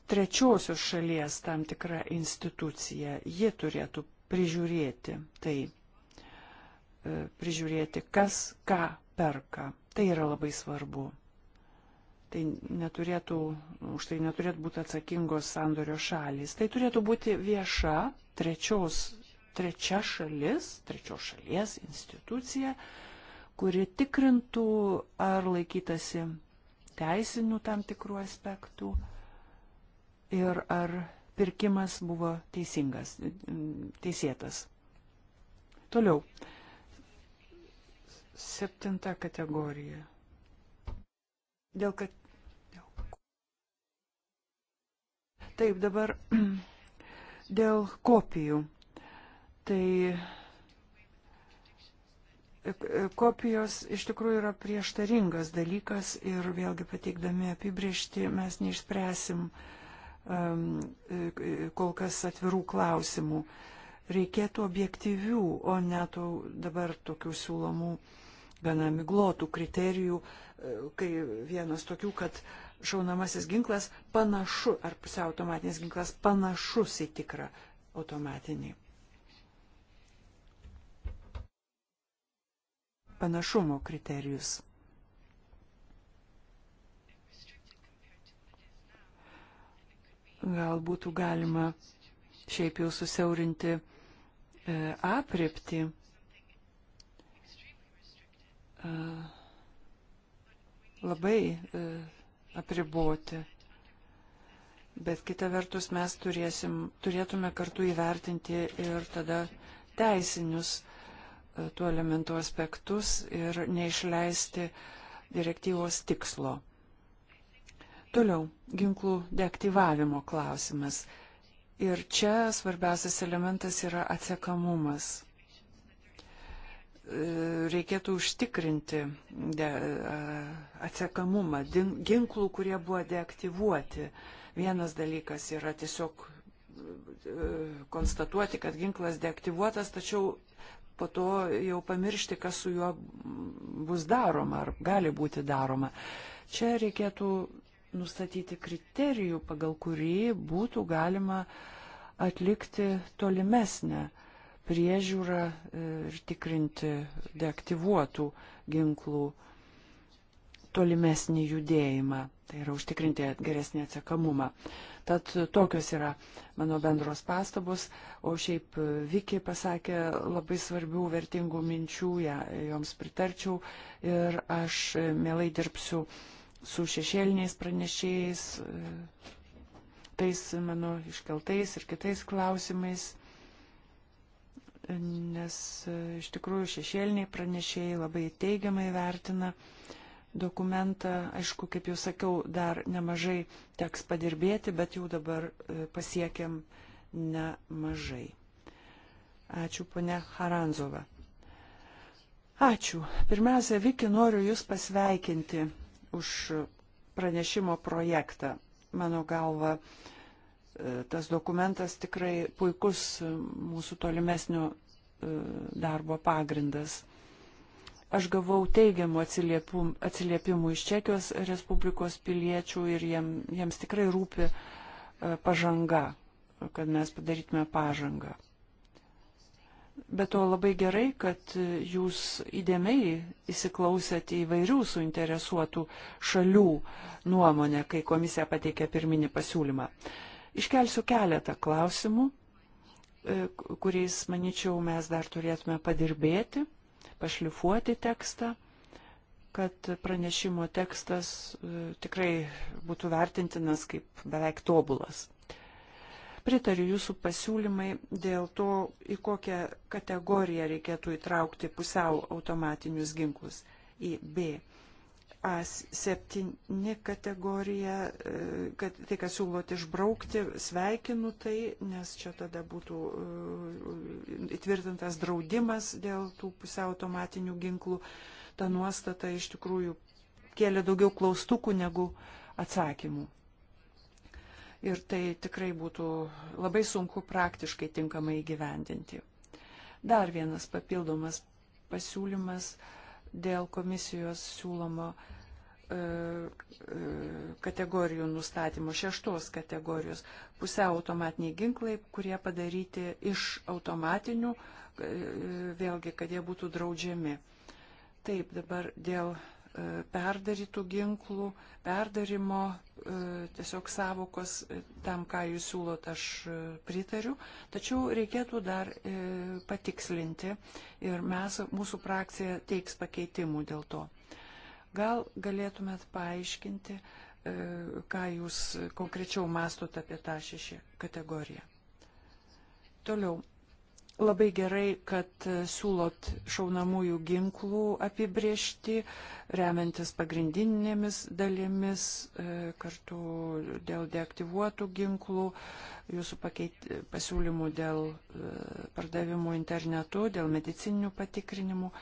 trečiosios šalies tam tikra institucija. Ji turėtų prižiūrėti tai, e, prižiūrėti, kas ką perka. Tai yra labai svarbu. Tai neturėtų, už tai neturėtų būti atsakingos sandorio šalys. Tai turėtų būti vieša trečios, trečia šalis, trečios šalies institucija, kuri tikrintų, ar laikytasi teisinių tam tikrų aspektų ir ar pirkimas buvo teisingas, teisėtas. Toliau. Septinta kategorija. Dėl kad. Taip, dabar dėl kopijų. Tai e, e, kopijos iš tikrųjų yra prieštaringas dalykas ir vėlgi pateikdami apibriežti mes neišspręsim uh, E, kol kas atvirų klausimų. Reikėtų objektyvių, o ne to dabar tokių siūlomų gana miglotų kriterijų, e, kai vienas tokių, kad šaunamasis ginklas panašu, ar pusiau automatinis ginklas panašus į tikrą automatinį. Panašumo kriterijus. gal būtų galima šiaip jau susiaurinti e, aprepti. E, labai e, apriboti. Bet kita vertus mes turėsim, turėtume kartu įvertinti ir tada teisinius e, tų elementų aspektus ir neišleisti direktyvos tikslo. Toliau ginklų deaktyvavimo klausimas. Ir čia svarbiausias elementas yra atsekamumas. E, reikėtų užtikrinti atsekamumą ginklų, kurie buvo deaktyvuoti. Vienas dalykas yra tiesiog e, konstatuoti, kad ginklas deaktyvuotas, tačiau po to jau pamiršti, kas su juo bus daroma ar gali būti daroma. Čia reikėtų nustatyti kriterijų, pagal kurį būtų galima atlikti tolimesnę priežiūrą e, ir tikrinti deaktyvuotų ginklų tolimesnį judėjimą, tai yra užtikrinti geresnį atsekamumą. Tad tokios yra mano bendros pastabos, o šiaip Viki pasakė labai svarbių, vertingų minčių, ja, joms pritarčiau ir aš mielai dirbsiu uh, su šešėliniais pranešėjais, tais mano iškeltais ir kitais klausimais, nes iš tikrųjų šešėliniai pranešėjai labai teigiamai vertina dokumentą. Aišku, kaip jau sakiau, dar nemažai teks padirbėti, bet jau dabar e, pasiekėm nemažai. Ačiū, ponia Haranzova. Ačiū. Pirmiausia, Viki, noriu Jūs pasveikinti už pranešimo projektą. Mano galva, e, tas dokumentas tikrai puikus mūsų tolimesnio e, darbo pagrindas. Aš gavau teigiamų atsiliepimų iš Čekijos Respublikos piliečių ir jiem, jiems tikrai rūpi e, pažanga, kad mes padarytume pažangą. Bet to labai gerai, kad jūs įdėmiai įsiklausėt į vairių suinteresuotų šalių nuomonę, kai komisija pateikė pirminį pasiūlymą. Iškelsiu keletą klausimų, e, kuriais, manyčiau, mes dar turėtume padirbėti, pašlifuoti tekstą, kad pranešimo tekstas e, tikrai būtų vertintinas kaip beveik tobulas. Pritariu jūsų pasiūlymai dėl to, į kokią kategoriją reikėtų įtraukti pusiau automatinius ginklus į B. A7 kategoriją, e, kad tai, kas siūlot išbraukti, sveikinu tai, nes čia tada būtų e, įtvirtintas draudimas dėl tų pusiau automatinių ginklų. Ta nuostata iš tikrųjų kėlė daugiau klaustukų negu atsakymų ir tai tikrai būtų labai sunku praktiškai tinkamai įgyvendinti. Dar vienas papildomas pasiūlymas dėl komisijos siūlomo e, e, kategorijų nustatymo, šeštos kategorijos, pusiau automatiniai ginklai, kurie padaryti iš automatinių, e, vėlgi, kad jie būtų draudžiami. Taip, dabar dėl E, perdarytų ginklų, perdarimo e, tiesiog savokos e, tam, ką jūs siūlot, aš pritariu. Tačiau reikėtų dar patikslinti ir mes, mūsų frakcija teiks pakeitimų dėl to. Gal galėtumėt paaiškinti, ką jūs konkrečiau mastot apie tą šešią kategoriją. Toliau, Labai gerai, kad e, siūlot šaunamųjų ginklų apibriešti, remiantis pagrindinėmis dalimis, e, kartu dėl deaktyvuotų ginklų, jūsų pakeit, pasiūlymų dėl e, pardavimų internetu, dėl medicininių patikrinimų.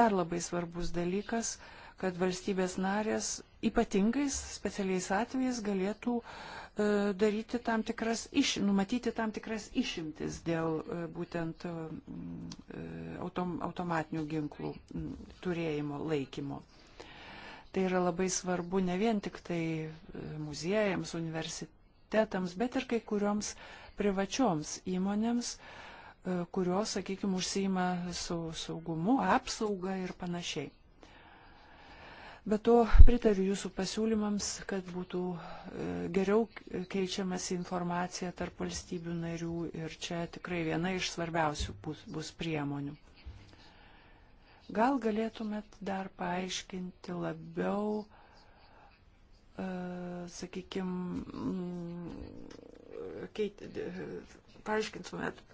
Dar labai svarbus dalykas, kad valstybės narės ypatingais specialiais atvejais galėtų uh, E, daryti tam tikras iš, numatyti tam tikras išimtis dėl e, būtent e, autom, automatinių ginklų turėjimo, laikymo. Tai yra labai svarbu ne vien tik tai muziejams, universitetams, bet ir kai kurioms privačioms įmonėms, kurios, sakykime, užsima saugumu, apsauga ir panašiai. Bet to pritariu jūsų pasiūlymams, kad būtų e, geriau keičiamas informacija tarp valstybių narių ir čia tikrai viena iš svarbiausių bus, bus priemonių. Gal galėtumėt dar paaiškinti labiau, e, sakykime, paaiškintumėt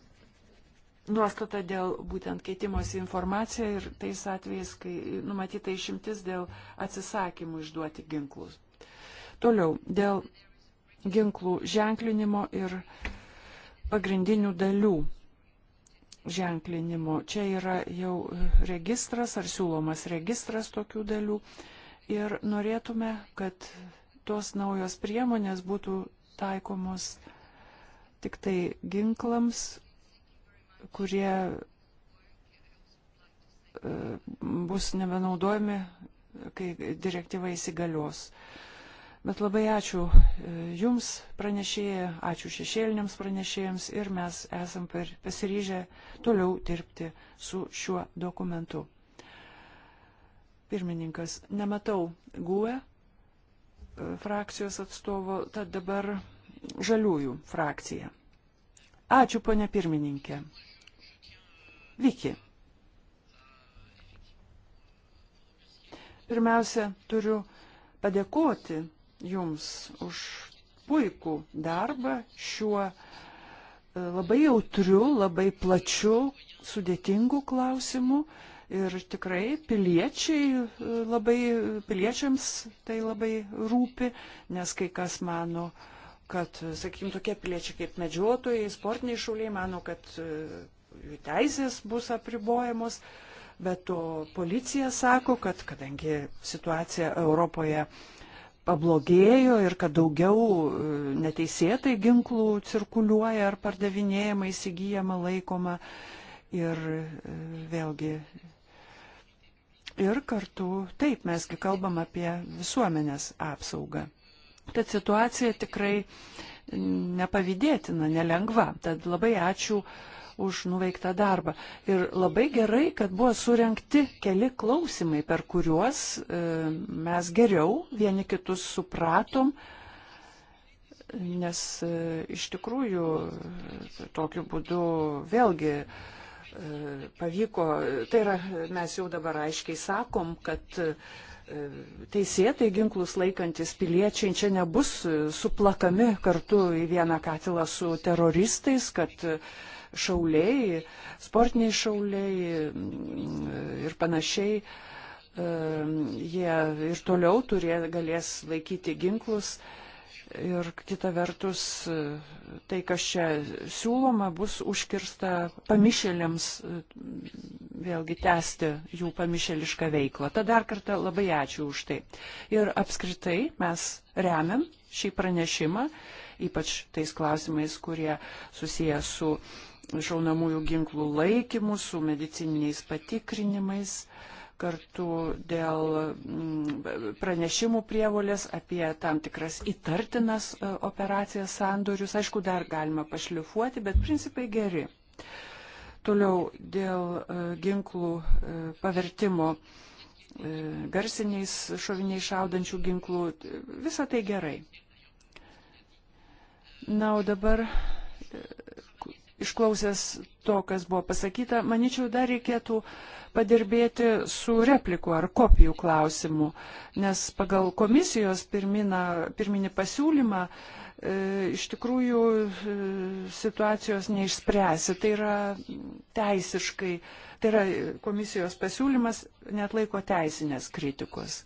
nuostata dėl būtent keitimosi informacija ir tais atvejais, kai numatyta išimtis dėl atsisakymų išduoti ginklus. Toliau, dėl ginklų ženklinimo ir pagrindinių dalių ženklinimo. Čia yra jau registras ar siūlomas registras tokių dalių ir norėtume, kad tos naujos priemonės būtų taikomos tik tai ginklams, kurie e, bus nebenaudojami, kai direktyva įsigalios. Bet labai ačiū e, Jums pranešėjai, ačiū šešėliniams pranešėjams ir mes esam pasiryžę toliau dirbti su šiuo dokumentu. Pirmininkas, nematau GUE e, frakcijos atstovo, tad dabar žaliųjų frakcija. Ačiū, ponė pirmininkė. Viki. Pirmiausia, turiu padėkoti Jums už puikų darbą šiuo e, labai jautriu, labai plačiu, sudėtingu klausimu. Ir tikrai piliečiai e, labai, piliečiams tai labai rūpi, nes kai kas mano, uh, kad, sakykime, tokie piliečiai kaip medžiotojai, sportiniai šauliai mano, kad e, jų teisės bus apribojamos, bet to policija sako, kad kadangi situacija Europoje pablogėjo ir kad daugiau e, neteisėtai ginklų cirkuliuoja ar pardavinėjama, įsigijama, laikoma ir e, vėlgi ir kartu taip mesgi kalbam apie visuomenės apsaugą. Tad situacija tikrai nepavydėtina, nelengva. Tad labai ačiū už nuveiktą darbą. Ir labai gerai, kad buvo surinkti keli klausimai, per kuriuos e, mes geriau vieni kitus supratom, nes e, iš tikrųjų tokiu būdu vėlgi e, pavyko, tai yra, mes jau dabar aiškiai sakom, kad teisėtai ginklus laikantis piliečiai čia nebus suplakami kartu į vieną katilą su teroristais, kad šauliai, sportiniai šauliai mm, ir panašiai, e, jie ir toliau turė, galės laikyti ginklus ir kita vertus tai, kas čia siūloma, bus užkirsta pamišėliams vėlgi tęsti jų pamišėlišką veiklą. Tad dar kartą labai ačiū už tai. Ir apskritai mes remiam šį pranešimą, ypač tais klausimais, kurie susiję su šaunamųjų ginklų laikymu, su medicininiais patikrinimais. Uh, kartu dėl mm, pranešimų prievolės apie tam tikras įtartinas e, operacijas sandorius. Aišku, dar galima pašlifuoti, bet principai geri. Toliau dėl e, ginklų e, pavertimo garsiniais šoviniais šaudančių ginklų. Visa tai gerai. Na, o dabar išklausęs to, kas buvo pasakyta, manyčiau, dar reikėtų padirbėti su replikų ar kopijų klausimu, nes pagal komisijos pirminą, pirminį pasiūlymą e, iš tikrųjų e, situacijos neišspręsi. Tai yra teisiškai, tai yra komisijos pasiūlymas net laiko teisinės kritikos.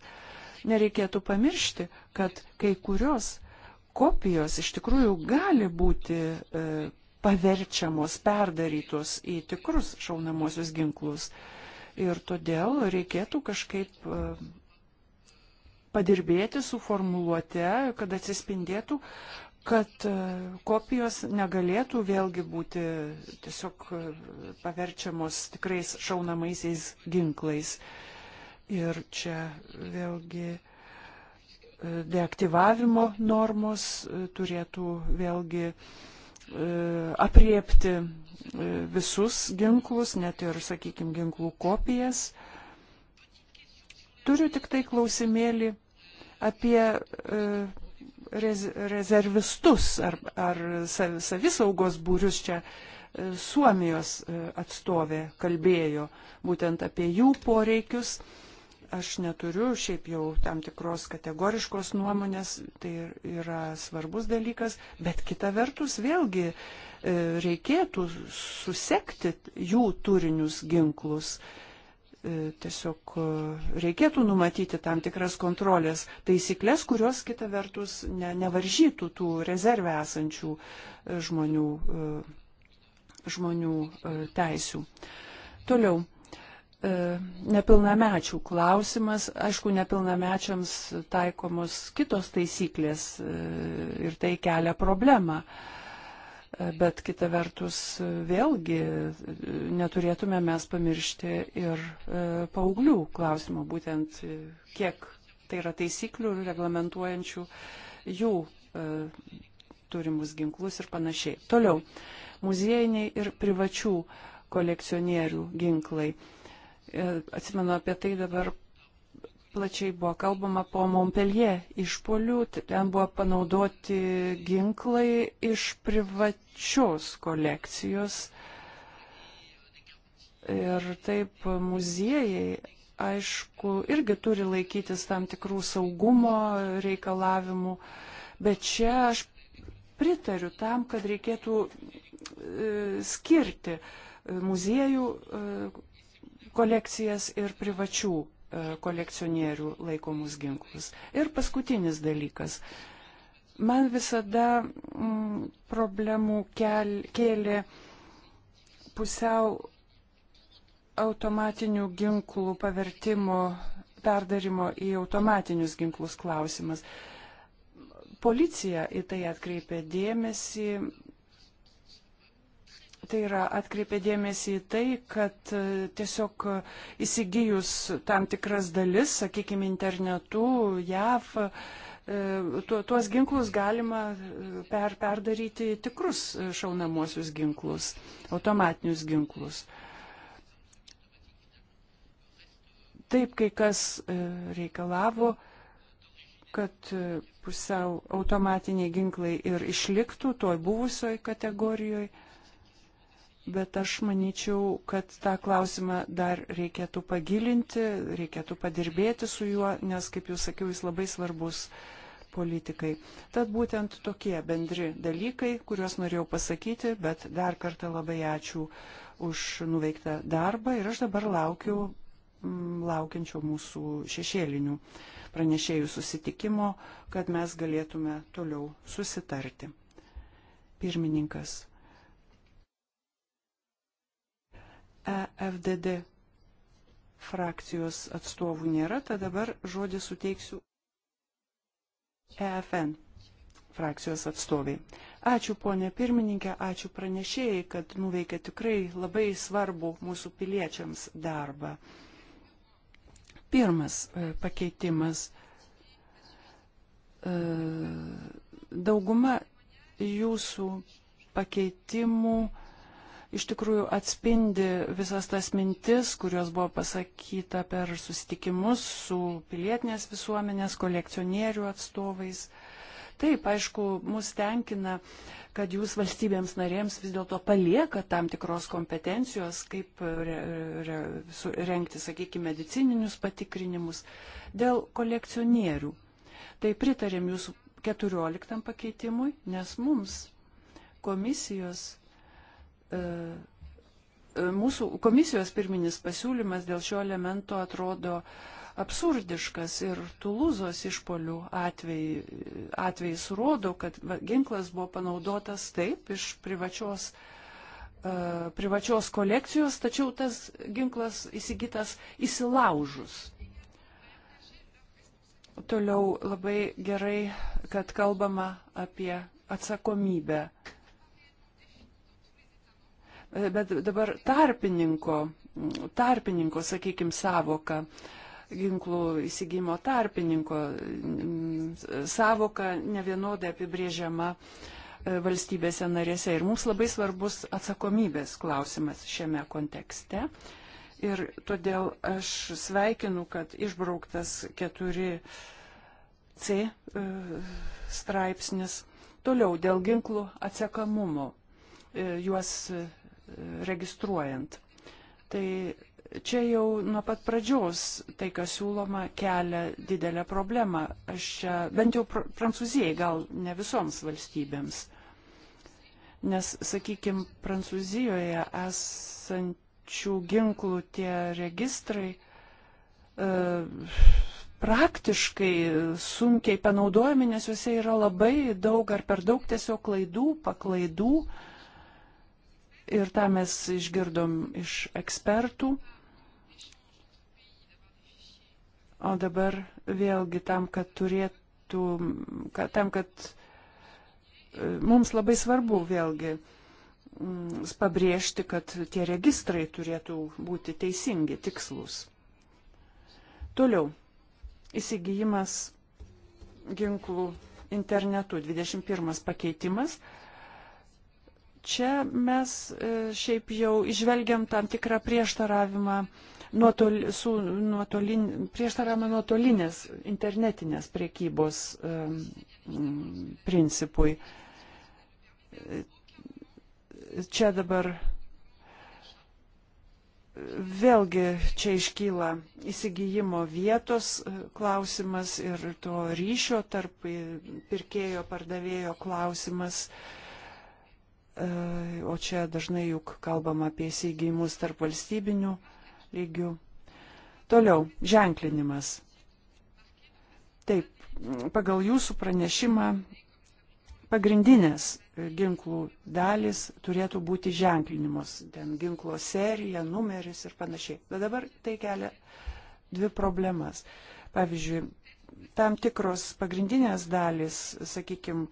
Nereikėtų pamiršti, kad kai kurios kopijos iš tikrųjų gali būti e, paverčiamos, perdarytos į tikrus šaunamosius ginklus. Ir todėl reikėtų kažkaip e, padirbėti su formuluote, kad atsispindėtų, kad e, kopijos negalėtų vėlgi būti tiesiog e, paverčiamos tikrais šaunamaisiais ginklais. Ir čia vėlgi deaktyvavimo normos turėtų vėlgi uh, E, apriepti e, visus ginklus, net ir, sakykime, ginklų kopijas. Turiu tik tai klausimėlį apie e, rezervistus ar, ar savisaugos būrius čia. Suomijos atstovė kalbėjo būtent apie jų poreikius aš neturiu šiaip jau tam tikros kategoriškos nuomonės, tai yra svarbus dalykas, bet kita vertus vėlgi e, reikėtų susekti jų turinius ginklus. E, tiesiog e, reikėtų numatyti tam tikras kontrolės taisyklės, kurios kita vertus ne, nevaržytų tų rezervę esančių žmonių, žmonių teisių. Toliau E, nepilnamečių klausimas. Aišku, nepilnamečiams taikomos kitos taisyklės e, ir tai kelia problemą. E, bet kita vertus, vėlgi neturėtume mes pamiršti ir paauglių klausimo, būtent kiek tai yra taisyklių reglamentuojančių jų turimus ginklus ir panašiai. Toliau, muziejiniai ir privačių kolekcionierių ginklai. E, atsimenu, apie tai dabar plačiai buvo kalbama po Montpellier išpolių, ten buvo panaudoti ginklai iš privačios kolekcijos. Ir taip muziejai, aišku, irgi turi laikytis tam tikrų saugumo reikalavimų, bet čia aš pritariu tam, kad reikėtų e, skirti e, muziejų kolekcijas ir privačių e, kolekcionierių laikomus ginklus. Ir paskutinis dalykas. Man visada mm, problemų kel, kėlė pusiau automatinių ginklų pavertimo, perdarimo į automatinius ginklus klausimas. Policija į tai atkreipė dėmesį, Tai yra atkreipė dėmesį į tai, kad e, tiesiog įsigijus tam tikras dalis, sakykime, internetu, JAV, e, tuos ginklus galima e, per, perdaryti tikrus šaunamosius ginklus, automatinius ginklus. Taip, kai kas reikalavo, kad pusiau automatiniai ginklai ir išliktų toj buvusioj kategorijoje bet aš manyčiau, kad tą klausimą dar reikėtų pagilinti, reikėtų padirbėti su juo, nes, kaip jau sakiau, jis labai svarbus politikai. Tad būtent tokie bendri dalykai, kuriuos norėjau pasakyti, bet dar kartą labai ačiū už nuveiktą darbą ir aš dabar laukiu mm, laukiančio mūsų šešėlinių pranešėjų susitikimo, kad mes galėtume toliau susitarti. Pirmininkas. EFDD frakcijos atstovų nėra, tad dabar žodį suteiksiu EFN frakcijos atstoviai. Ačiū ponė pirmininkė, ačiū pranešėjai, kad nuveikė tikrai labai svarbu mūsų piliečiams darbą. Pirmas e, pakeitimas. E, dauguma jūsų pakeitimų iš tikrųjų atspindi visas tas mintis, kurios buvo pasakyta per susitikimus su pilietinės visuomenės, kolekcionierių atstovais. Taip, aišku, mus tenkina, kad jūs valstybėms narėms vis dėlto palieka tam tikros kompetencijos, kaip re, re, su, rengti, sakykime, medicininius patikrinimus dėl kolekcionierių. Tai pritarėm jūsų 14 pakeitimui, nes mums komisijos E, e, mūsų komisijos pirminis pasiūlymas dėl šio elemento atrodo absurdiškas ir Tulūzos išpolių atvejai, atvejais rodo, kad ginklas buvo panaudotas taip iš privačios, uh, privačios kolekcijos, tačiau tas ginklas įsigytas įsilaužus Toliau labai gerai, kad kalbama apie atsakomybę. E, bet dabar tarpininko, tarpininko, sakykime, savoka ginklų įsigymo tarpininko mm, savoka nevienodai apibrėžiama e, valstybėse narėse. Ir mums labai svarbus atsakomybės klausimas šiame kontekste. Ir todėl aš sveikinu, kad išbrauktas 4C e, straipsnis. Toliau dėl ginklų atsekamumo. Juos registruojant. Tai čia jau nuo pat pradžios tai, kas siūloma, kelia didelę problemą. Aš čia, bent jau pr Prancūzijai, gal ne visoms valstybėms. Nes, sakykime, Prancūzijoje esančių ginklų tie registrai e, praktiškai sunkiai panaudojami, nes juose yra labai daug ar per daug tiesiog klaidų, paklaidų. E, Ir tą mes išgirdom iš ekspertų. O dabar vėlgi tam, kad turėtų, kad, tam, kad e, mums labai svarbu vėlgi mm, pabrėžti, kad tie registrai turėtų būti teisingi, tikslus. Toliau, įsigijimas ginklų internetu 21 pakeitimas Čia mes e, šiaip jau išvelgiam tam tikrą prieštaravimą, nuotol, su, nuotolin, prieštaravimą nuotolinės internetinės priekybos um, principui. Čia dabar vėlgi čia iškyla įsigijimo vietos e, klausimas ir to ryšio tarp pirkėjo, pardavėjo klausimas. Uh, E, o čia dažnai juk kalbam apie įsigijimus tarp valstybinių lygių. Toliau, ženklinimas. Taip, pagal jūsų pranešimą pagrindinės ginklų dalis turėtų būti ženklinimos, ten ginklo serija, numeris ir panašiai. Bet dabar tai kelia dvi problemas. Pavyzdžiui, tam tikros pagrindinės dalis, sakykime,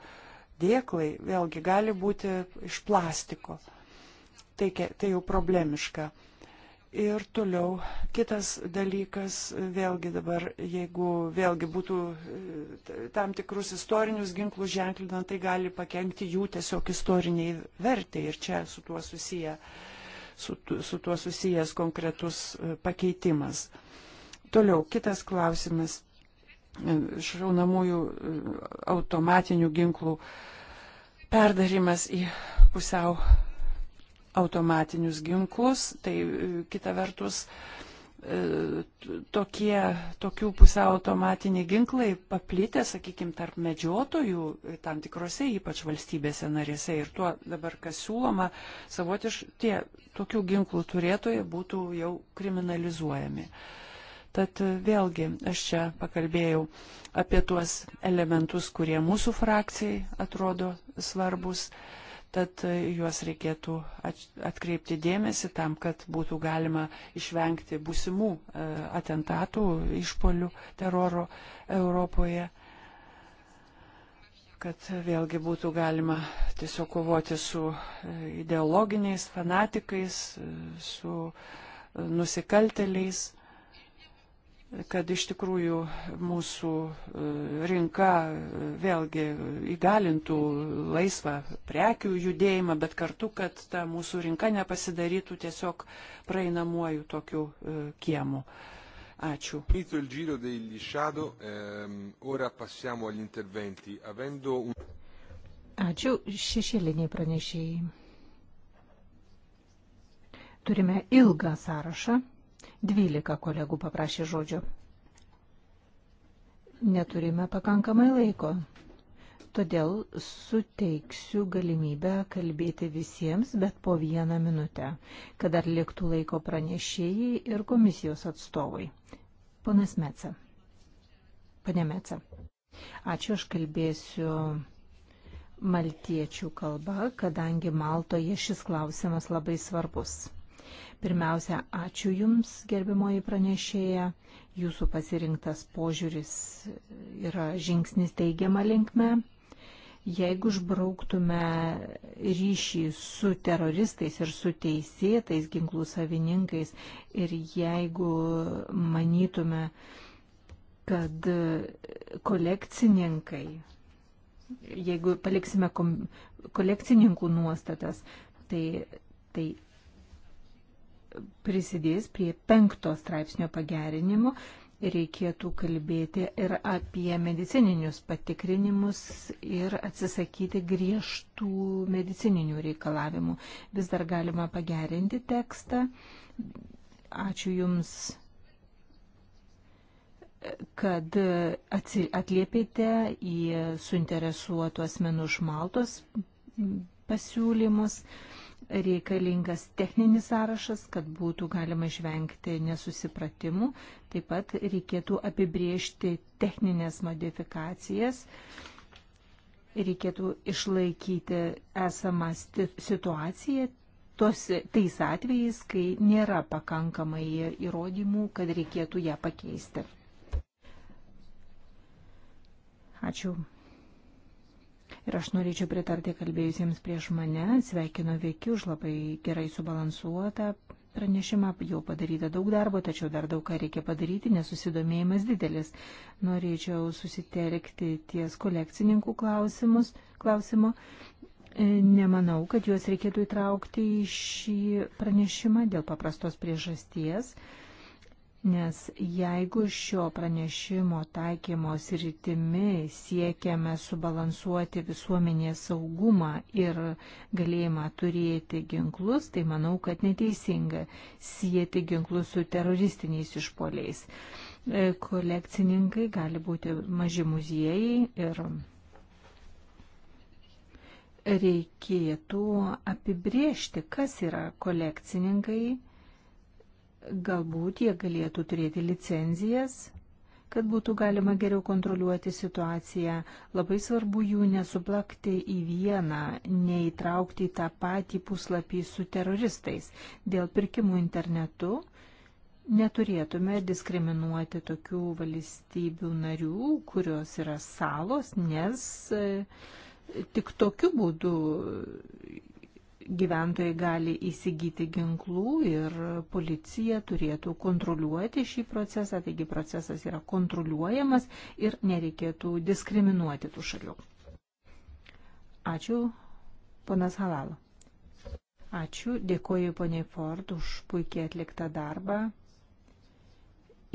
dėklai vėlgi gali būti iš plastiko. Tai, tai jau problemiška. Ir toliau kitas dalykas, vėlgi dabar, jeigu vėlgi būtų e, tam tikrus istorinius ginklus ženklinant, tai gali pakengti jų tiesiog istoriniai vertai ir čia su tuo, susiję, su, su tuo susijęs konkretus e, pakeitimas. Toliau kitas klausimas šaunamųjų e, automatinių ginklų perdarimas į pusiau automatinius ginklus. Tai e, kita vertus, e, tokie, tokių pusiau automatiniai ginklai paplitę, sakykime, tarp medžiotojų tam tikrose ypač valstybėse narėse. Ir tuo dabar, kas siūloma, savotiškai tie tokių ginklų turėtojai būtų jau kriminalizuojami. Uh, Tad e, vėlgi aš čia pakalbėjau apie tuos elementus, kurie mūsų frakcijai atrodo svarbus. Tad e, juos reikėtų atkreipti dėmesį tam, kad būtų galima išvengti būsimų e, atentatų, išpolių, teroro Europoje kad vėlgi būtų galima tiesiog kovoti su ideologiniais fanatikais, su nusikalteliais kad iš tikrųjų mūsų e, rinka e, vėlgi įgalintų laisvą prekių judėjimą, bet kartu, kad ta mūsų rinka nepasidarytų tiesiog praeinamuoju tokiu e, kiemu. Ačiū. Ehm, Ačiū šešėliniai pranešėjai. Turime ilgą sąrašą 12 kolegų paprašė žodžio. Neturime pakankamai laiko, todėl suteiksiu galimybę kalbėti visiems, bet po vieną minutę, kad dar liktų laiko pranešėjai ir komisijos atstovai. Ponas Meca. Pane Meca. Ačiū, aš kalbėsiu maltiečių kalba, kadangi Maltoje šis klausimas labai svarbus. Pirmiausia, ačiū Jums, gerbimoji pranešėja. Jūsų pasirinktas požiūris yra žingsnis teigiama linkme. Jeigu išbrauktume ryšį su teroristais ir su teisėtais ginklų savininkais ir jeigu manytume, kad kolekcininkai, jeigu paliksime kolekcininkų nuostatas, tai, tai prisidės prie penkto straipsnio pagerinimo. Reikėtų kalbėti ir apie medicininius patikrinimus ir atsisakyti griežtų medicininių reikalavimų. Vis dar galima pagerinti tekstą. Ačiū Jums, kad atliepėte į suinteresuotų asmenų iš Maltos pasiūlymus reikalingas techninis sąrašas, kad būtų galima išvengti nesusipratimų. Taip pat reikėtų apibriežti techninės modifikacijas. Reikėtų išlaikyti esamą situaciją tos, tais atvejais, kai nėra pakankamai įrodymų, kad reikėtų ją pakeisti. Ačiū. Ir aš norėčiau pritarti kalbėjusiems prieš mane. Sveikinu Vėkiu už labai gerai subalansuotą pranešimą. Jau padaryta daug darbo, tačiau dar daug ką reikia padaryti, nes susidomėjimas didelis. Norėčiau susitelkti ties kolekcininkų klausimus, klausimo. E, nemanau, kad juos reikėtų įtraukti į šį pranešimą dėl paprastos priežasties. Nes jeigu šio pranešimo taikymo sritimi siekiame subalansuoti visuomenės saugumą ir galėjimą turėti ginklus, tai manau, kad neteisinga sieti ginklus su teroristiniais išpoliais. E, kolekcininkai gali būti maži muziejai ir reikėtų apibriežti, kas yra kolekcininkai Galbūt jie galėtų turėti licenzijas, kad būtų galima geriau kontroliuoti situaciją. Labai svarbu jų nesuplakti į vieną, neįtraukti į tą patį puslapį su teroristais. Dėl pirkimų internetu neturėtume diskriminuoti tokių valstybių narių, kurios yra salos, nes e, tik tokiu būdu gyventojai gali įsigyti ginklų ir policija turėtų kontroliuoti šį procesą, taigi procesas yra kontroliuojamas ir nereikėtų diskriminuoti tų šalių. Ačiū, ponas Halalo. Ačiū, dėkoju poniai Ford už puikiai atliktą darbą.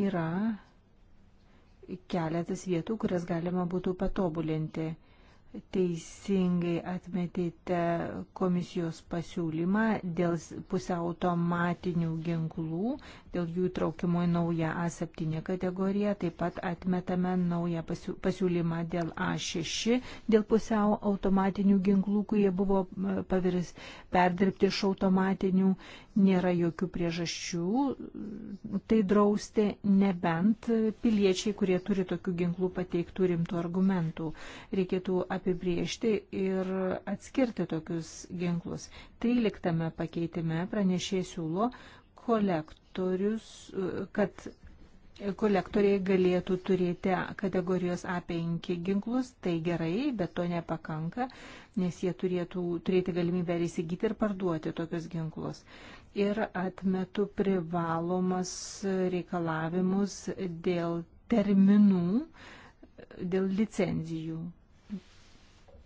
Yra keletas vietų, kurias galima būtų patobulinti teisingai atmetėte komisijos pasiūlymą dėl pusiautomatinių ginklų, dėl jų įtraukimo į naują A7 kategoriją. Taip pat atmetame naują pasiūlymą dėl A6, dėl pusiau automatinių ginklų, kurie buvo pavirs, perdirbti iš automatinių. Nėra jokių priežasčių tai drausti, nebent piliečiai, kurie turi tokių ginklų, pateiktų rimtų argumentų. Reikėtų apibriežti ir atskirti tokius ginklus. 13 pakeitime pranešė siūlo kolektorius, kad kolektoriai galėtų turėti kategorijos A5 ginklus, tai gerai, bet to nepakanka, nes jie turėtų turėti galimybę ir įsigyti ir parduoti tokius ginklus. Ir atmetu privalomas reikalavimus dėl terminų, dėl licenzijų.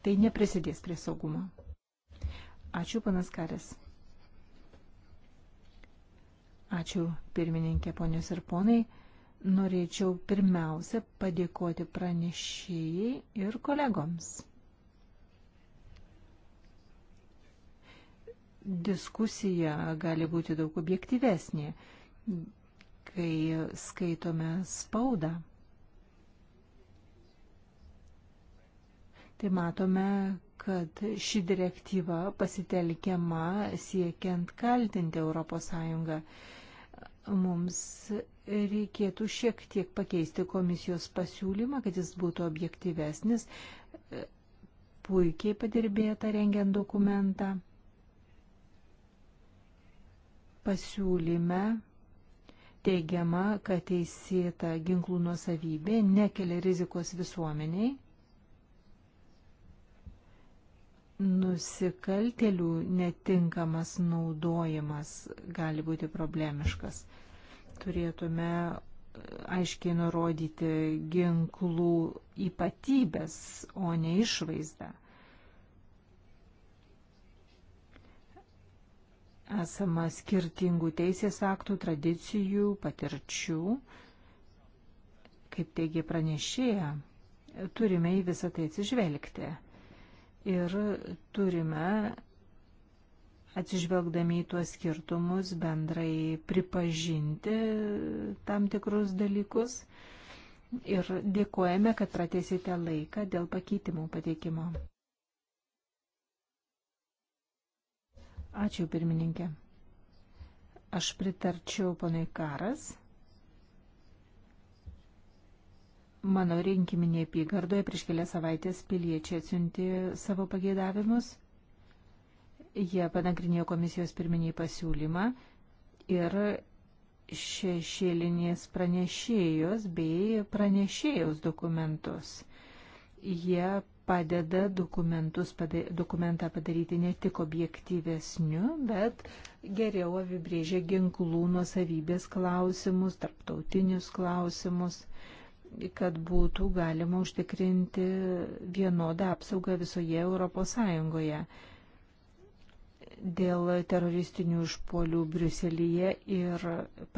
Tai neprisidės prie saugumo. Ačiū, panas Karis. Ačiū pirmininkė, ponios ir ponai. Norėčiau pirmiausia padėkoti pranešėjai ir kolegoms. Diskusija gali būti daug objektyvesnė, kai skaitome spaudą. Tai matome, kad ši direktyva pasitelkiama siekiant kaltinti ES mums reikėtų šiek tiek pakeisti komisijos pasiūlymą, kad jis būtų objektyvesnis. E, puikiai padirbėta rengiant dokumentą. Pasiūlyme teigiama, kad teisėta ginklų nuosavybė nekelia rizikos visuomeniai nusikaltelių netinkamas naudojimas gali būti problemiškas. Turėtume e, aiškiai nurodyti ginklų ypatybės, o ne išvaizdą. Esama skirtingų teisės aktų, tradicijų, patirčių, kaip teigia pranešėja, turime į visą tai atsižvelgti ir turime, atsižvelgdami į tuos skirtumus, bendrai pripažinti tam tikrus dalykus. Ir dėkojame, kad pratėsite laiką dėl pakeitimų pateikimo. Ačiū, pirmininkė. Aš pritarčiau ponai Karas. Mano rinkiminėje apygardoje prieš kelias savaitės piliečiai atsiunti savo pageidavimus. Jie panagrinėjo komisijos pirminį pasiūlymą ir šešėlinės pranešėjos bei pranešėjos dokumentus. Jie padeda pada, dokumentą padaryti ne tik objektyvesniu, bet geriau apibrėžia ginklų nuosavybės klausimus, tarptautinius klausimus. Uh, kad būtų galima užtikrinti vienodą apsaugą visoje Europos Sąjungoje dėl teroristinių išpolių Briuselyje ir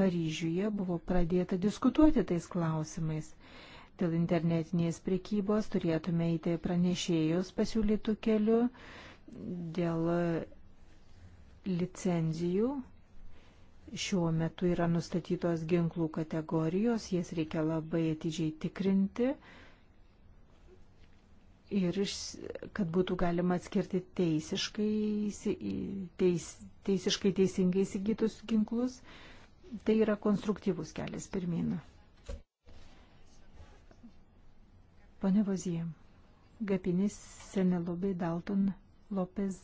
Paryžiuje buvo pradėta diskutuoti tais klausimais. Dėl internetinės prekybos turėtume įti pranešėjus pasiūlytų kelių, dėl licenzijų Šiuo metu yra nustatytos ginklų kategorijos, jas reikia labai atidžiai tikrinti ir iš, kad būtų galima atskirti teisiškai, teis, teisiškai teisingai įsigytus ginklus. Tai yra konstruktyvus kelias pirmin. Pane Vozijam, Gapinis, Senelobai, Dalton, Lopez.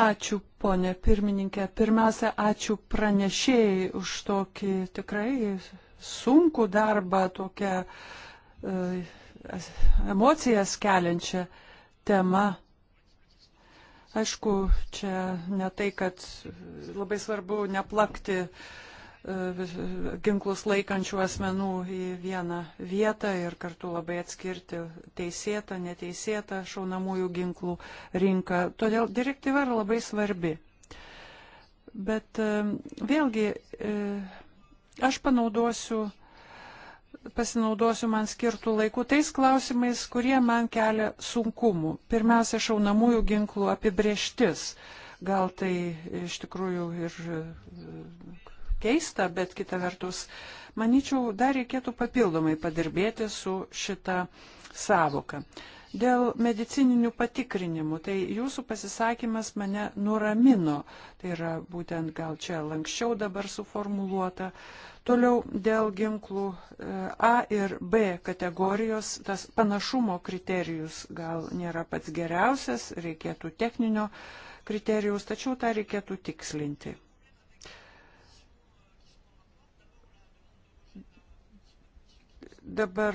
Ačiū, ponė pirmininkė. Pirmiausia, ačiū pranešėjai už tokį tikrai sunkų darbą, tokią e, emocijas keliančią temą. Aišku, čia ne tai, kad labai svarbu neplakti e, E, ginklus laikančių asmenų į vieną vietą ir kartu labai atskirti teisėtą, neteisėtą šaunamųjų ginklų rinką. Todėl direktyva yra labai svarbi. Bet e, vėlgi e, aš panaudosiu, pasinaudosiu man skirtų laikų tais klausimais, kurie man kelia sunkumų. Pirmiausia, šaunamųjų ginklų apibrieštis. Gal tai iš tikrųjų ir keista, bet kita vertus, manyčiau, dar reikėtų papildomai padirbėti su šita savoka. Dėl medicininių patikrinimų, tai jūsų pasisakymas mane nuramino, tai yra būtent gal čia lankščiau dabar suformuluota. Toliau dėl ginklų e, A ir B kategorijos, tas panašumo kriterijus gal nėra pats geriausias, reikėtų techninio kriterijaus, tačiau tą reikėtų tikslinti. Dabar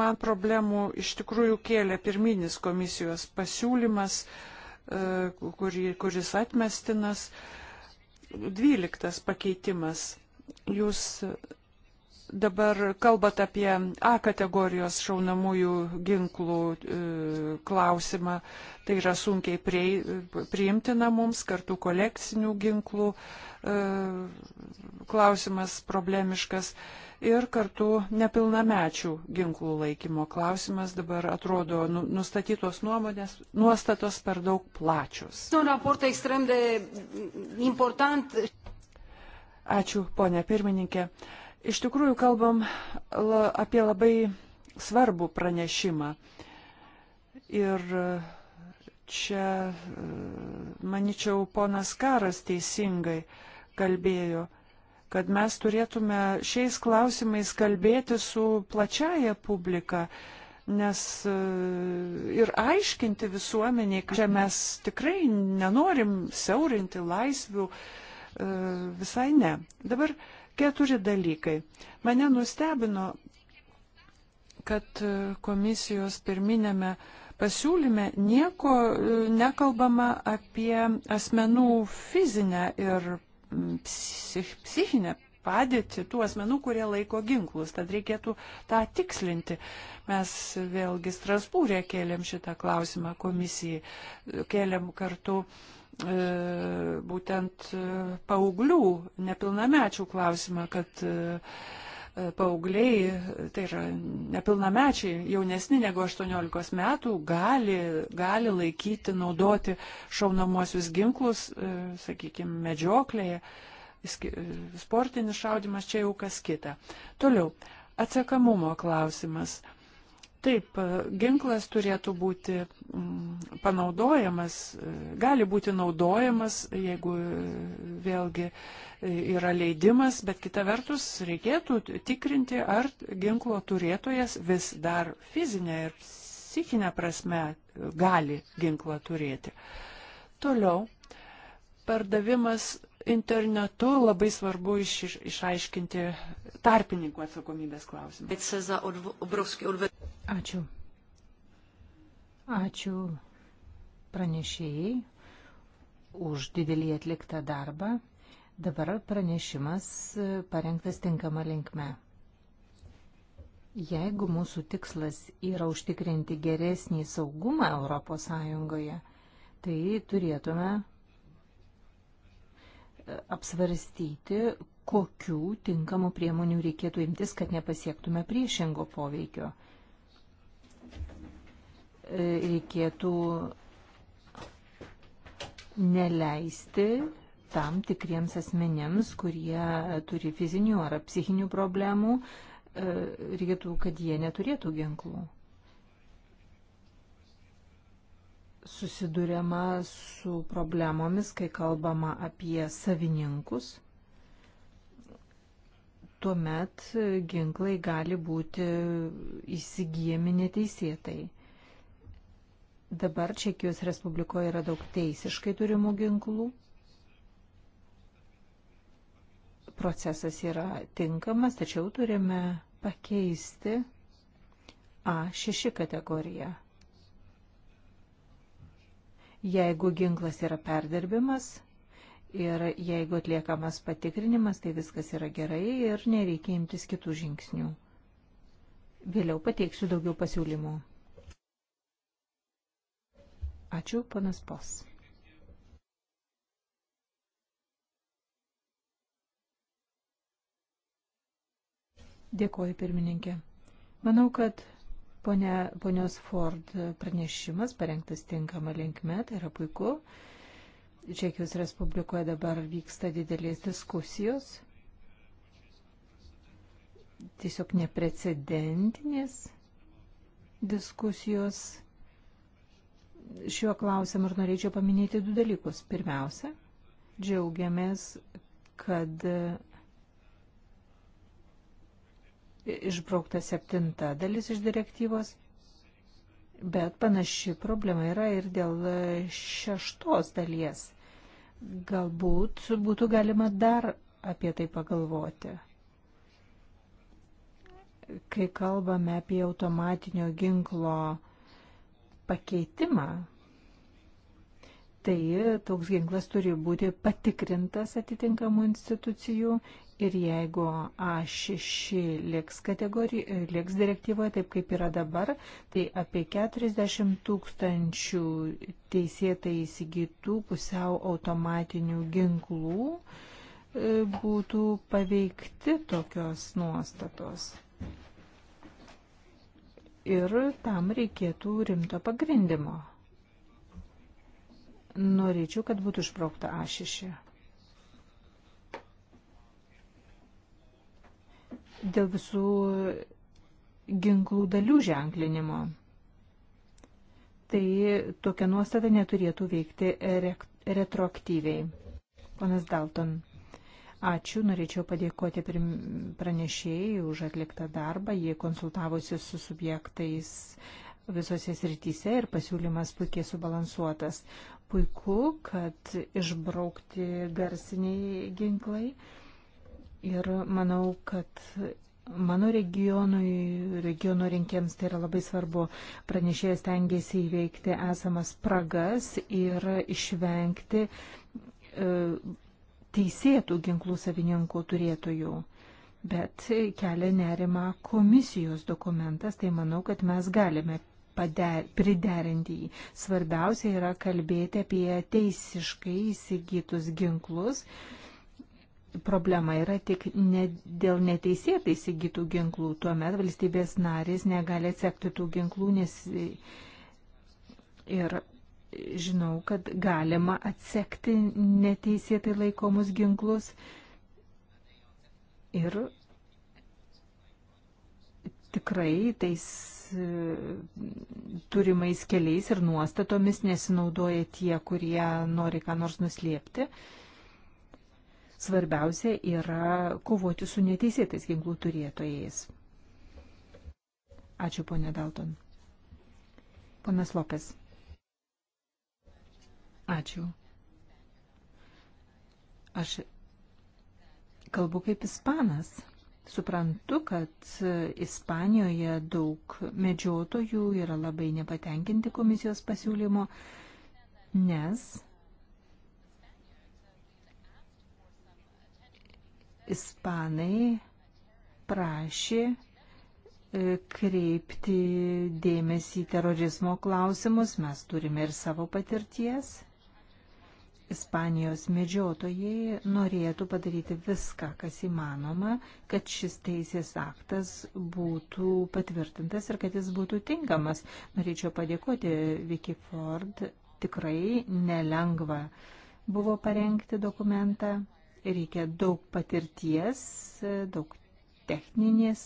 man problemų iš tikrųjų kėlė pirminis komisijos pasiūlymas, e, kuri, kuris atmestinas. Dvyliktas pakeitimas. Jūs dabar kalbat apie A kategorijos šaunamųjų ginklų e, klausimą, tai yra sunkiai prie, priimtina mums, kartu kolekcinių ginklų e, klausimas problemiškas ir kartu nepilnamečių ginklų laikymo klausimas dabar atrodo nu, nustatytos nuomonės, nuostatos per daug plačios. Ačiū, ponė pirmininkė. Iš tikrųjų kalbam apie labai svarbų pranešimą. Ir e, čia, e, manyčiau, ponas Karas teisingai kalbėjo kad mes turėtume šiais klausimais kalbėti su plačiaja publika, nes e, ir aiškinti visuomeniai, kad čia mes tikrai nenorim siaurinti laisvių, e, visai ne. Dabar keturi dalykai. Mane nustebino, kad e, komisijos pirminėme pasiūlyme nieko nekalbama apie asmenų fizinę ir psich, psichinę padėtį tų asmenų, kurie laiko ginklus. Tad reikėtų tą tikslinti. Mes vėlgi Strasbūrė kėlėm šitą klausimą komisijai, kėlėm kartu e, būtent e, paauglių, nepilnamečių klausimą, kad e, paaugliai, tai yra nepilnamečiai, jaunesni negu 18 metų, gali, gali laikyti, naudoti šaunamuosius ginklus, e, sakykime, medžioklėje, e, sportinis šaudimas čia jau kas kita. Toliau, atsakamumo klausimas. Taip, ginklas turėtų būti mm, panaudojamas, gali būti naudojamas, jeigu vėlgi yra leidimas, bet kita vertus reikėtų tikrinti, ar ginklo turėtojas vis dar fizinė ir psichinė prasme gali ginklą turėti. Toliau, pardavimas internetu labai svarbu iš, iš, išaiškinti tarpininkų atsakomybės klausimą. Ačiū. Ačiū pranešėjai už didelį atliktą darbą. Dabar pranešimas parengtas tinkama linkme. Jeigu mūsų tikslas yra užtikrinti geresnį saugumą ES, tai turėtume apsvarstyti, kokių tinkamų priemonių reikėtų imtis, kad nepasiektume priešingo poveikio. E, reikėtų neleisti tam tikriems asmenėms, kurie turi fizinių ar psichinių problemų, e, reikėtų, kad jie neturėtų ginklų. susidurėma su problemomis, kai kalbama apie savininkus. Tuomet ginklai gali būti įsigijami neteisėtai. Dabar Čekijos Respublikoje yra daug teisiškai turimų ginklų. Procesas yra tinkamas, tačiau turime pakeisti A6 kategoriją. Jeigu ginklas yra perdirbimas ir jeigu atliekamas patikrinimas, tai viskas yra gerai ir nereikia imtis kitų žingsnių. Vėliau pateiksiu daugiau pasiūlymų. Ačiū, panas Pos. Dėkoju, pirmininkė. Manau, kad Pone, ponios Ford pranešimas parengtas tinkama linkme, tai yra puiku. Čekijos Respublikoje dabar vyksta didelės diskusijos, tiesiog neprecedentinės diskusijos šiuo klausimu ir norėčiau paminėti du dalykus. Pirmiausia, džiaugiamės, kad išbraukta septinta dalis iš direktyvos, bet panaši problema yra ir dėl šeštos dalies. Galbūt būtų galima dar apie tai pagalvoti. Kai kalbame apie automatinio ginklo pakeitimą, tai toks ginklas turi būti patikrintas atitinkamų institucijų Ir jeigu A6 liks, liks direktyvoje taip, kaip yra dabar, tai apie 40 tūkstančių teisėtai įsigytų pusiau automatinių ginklų e, būtų paveikti tokios nuostatos. Ir tam reikėtų rimto pagrindimo. Norėčiau, kad būtų išbraukta A6. dėl visų ginklų dalių ženklinimo. Tai tokia nuostata neturėtų veikti retroaktyviai. Ponas Dalton. Ačiū, norėčiau padėkoti pranešėjai už atliktą darbą. Jie konsultavosi su subjektais visose srityse ir pasiūlymas puikiai subalansuotas. Puiku, kad išbraukti garsiniai ginklai Ir manau, kad mano regionui, regiono rinkėms tai yra labai svarbu. Pranešėjas tengiasi įveikti esamas spragas ir išvengti e, teisėtų ginklų savininkų turėtojų. Bet kelia nerima komisijos dokumentas, tai manau, kad mes galime pader, priderinti jį. Svarbiausia yra kalbėti apie teisiškai įsigytus ginklus. E, problema yra tik ne dėl neteisėtai įsigytų ginklų. Tuomet valstybės narės negali atsekti tų ginklų, nes ir žinau, kad galima atsekti neteisėtai laikomus ginklus ir tikrai tais e, turimais keliais ir nuostatomis nesinaudoja tie, kurie nori ką nors nuslėpti. Uh, Svarbiausia yra kovoti su neteisėtais ginklų turėtojais. Ačiū, ponė Dalton. Ponas Lopes. Ačiū. Aš kalbu kaip ispanas. Suprantu, kad Ispanijoje daug medžiotojų yra labai nepatenkinti komisijos pasiūlymo, nes Ispanai prašė e, kreipti dėmesį į terorizmo klausimus, mes turime ir savo patirties. Ispanijos medžiotojai norėtų padaryti viską, kas įmanoma, kad šis teisės aktas būtų patvirtintas ir kad jis būtų tinkamas. Norėčiau padėkoti Vicky Ford, tikrai nelengva buvo parengti dokumentą reikia daug patirties, daug techninės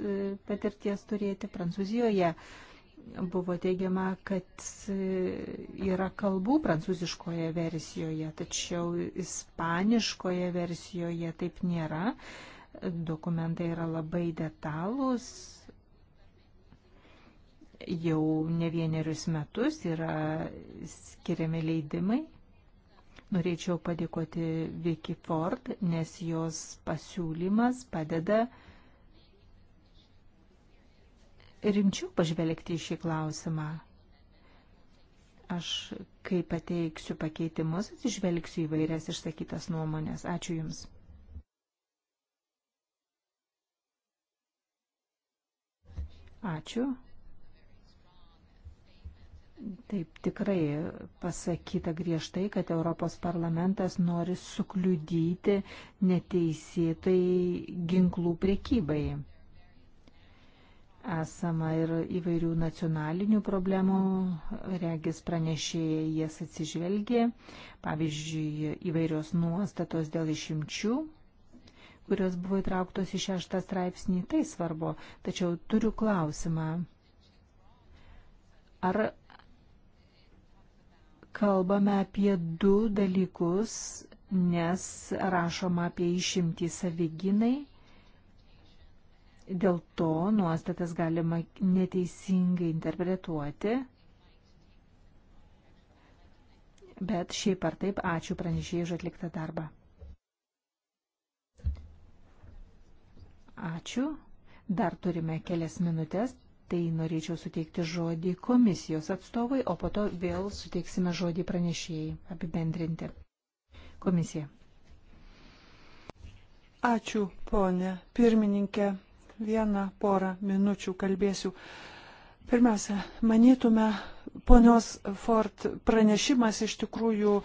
e, patirties turėti. Prancūzijoje buvo teigiama, kad e, yra kalbų prancūziškoje versijoje, tačiau ispaniškoje versijoje taip nėra. Dokumentai yra labai detalūs. Jau ne vienerius metus yra skiriami leidimai Norėčiau padėkoti Vicky Ford, nes jos pasiūlymas padeda rimčiau pažvelgti į šį klausimą. Aš, kai pateiksiu pakeitimus, atsižvelgsiu į vairias išsakytas nuomonės. Ačiū Jums. Ačiū. Taip tikrai pasakyta griežtai, kad Europos parlamentas nori sukliudyti neteisėtai ginklų priekybai. Esama ir įvairių nacionalinių problemų, regis pranešėjai jas atsižvelgė, pavyzdžiui, įvairios nuostatos dėl išimčių kurios buvo įtrauktos į šeštą straipsnį, tai svarbu. Tačiau turiu klausimą. Ar kalbame apie du dalykus, nes rašoma apie išimtį saviginai. Dėl to nuostatas galima neteisingai interpretuoti. Bet šiaip ar taip, ačiū pranešėjai už atliktą darbą. Ačiū. Dar turime kelias minutės, tai norėčiau suteikti žodį komisijos atstovai, o po to vėl suteiksime žodį pranešėjai apibendrinti. Komisija. Ačiū, ponė pirmininkė. Vieną porą minučių kalbėsiu. Pirmiausia, manytume, ponios Ford pranešimas iš tikrųjų e,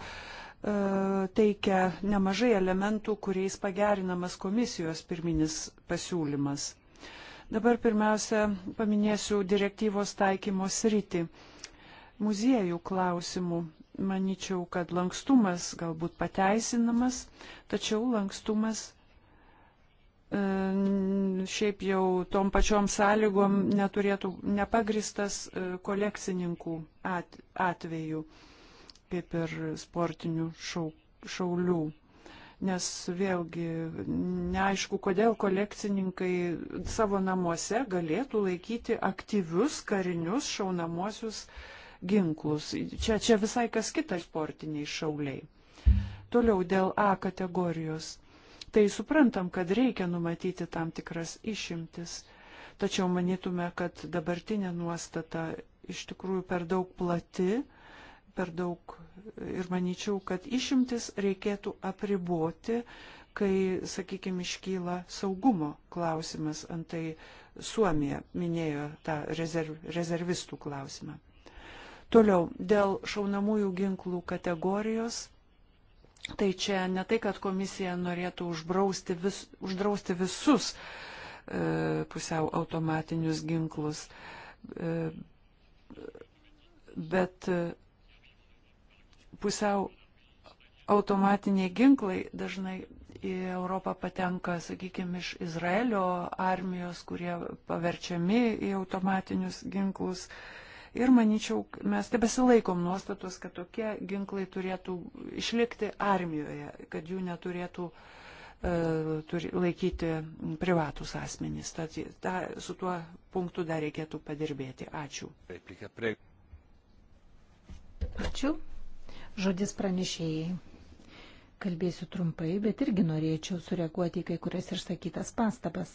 teikia nemažai elementų, kuriais pagerinamas komisijos pirminis pasiūlymas. Dabar pirmiausia paminėsiu direktyvos taikymo sritį. Muziejų klausimų. Maničiau, kad lankstumas galbūt pateisinamas, tačiau lankstumas e, šiaip jau tom pačiom sąlygom neturėtų nepagristas e, kolekcininkų atveju, kaip ir sportinių šau, šaulių nes vėlgi neaišku, kodėl kolekcininkai savo namuose galėtų laikyti aktyvius karinius šaunamuosius ginklus. Čia, čia visai kas kitas sportiniai šauliai. Toliau dėl A kategorijos. Tai suprantam, kad reikia numatyti tam tikras išimtis, tačiau manytume, kad dabartinė nuostata iš tikrųjų per daug plati per daug ir manyčiau, kad išimtis reikėtų apriboti, kai, sakykime, iškyla saugumo klausimas, antai Suomija minėjo tą rezerv, rezervistų klausimą. Toliau, dėl šaunamųjų ginklų kategorijos, tai čia ne tai, kad komisija norėtų vis, uždrausti visus e, pusiau automatinius ginklus, e, bet e, pusiau automatiniai ginklai dažnai į Europą patenka, sakykime, iš Izraelio armijos, kurie paverčiami į automatinius ginklus. Ir manyčiau, mes tebesilaikom nuostatos, kad tokie ginklai turėtų išlikti armijoje, kad jų neturėtų uh, turi, laikyti privatus asmenys. Tad ta, su tuo punktu dar reikėtų padirbėti. Ačiū. Ačiū. Žodis pranešėjai. Kalbėsiu trumpai, bet irgi norėčiau sureaguoti į kai kurias išsakytas pastabas.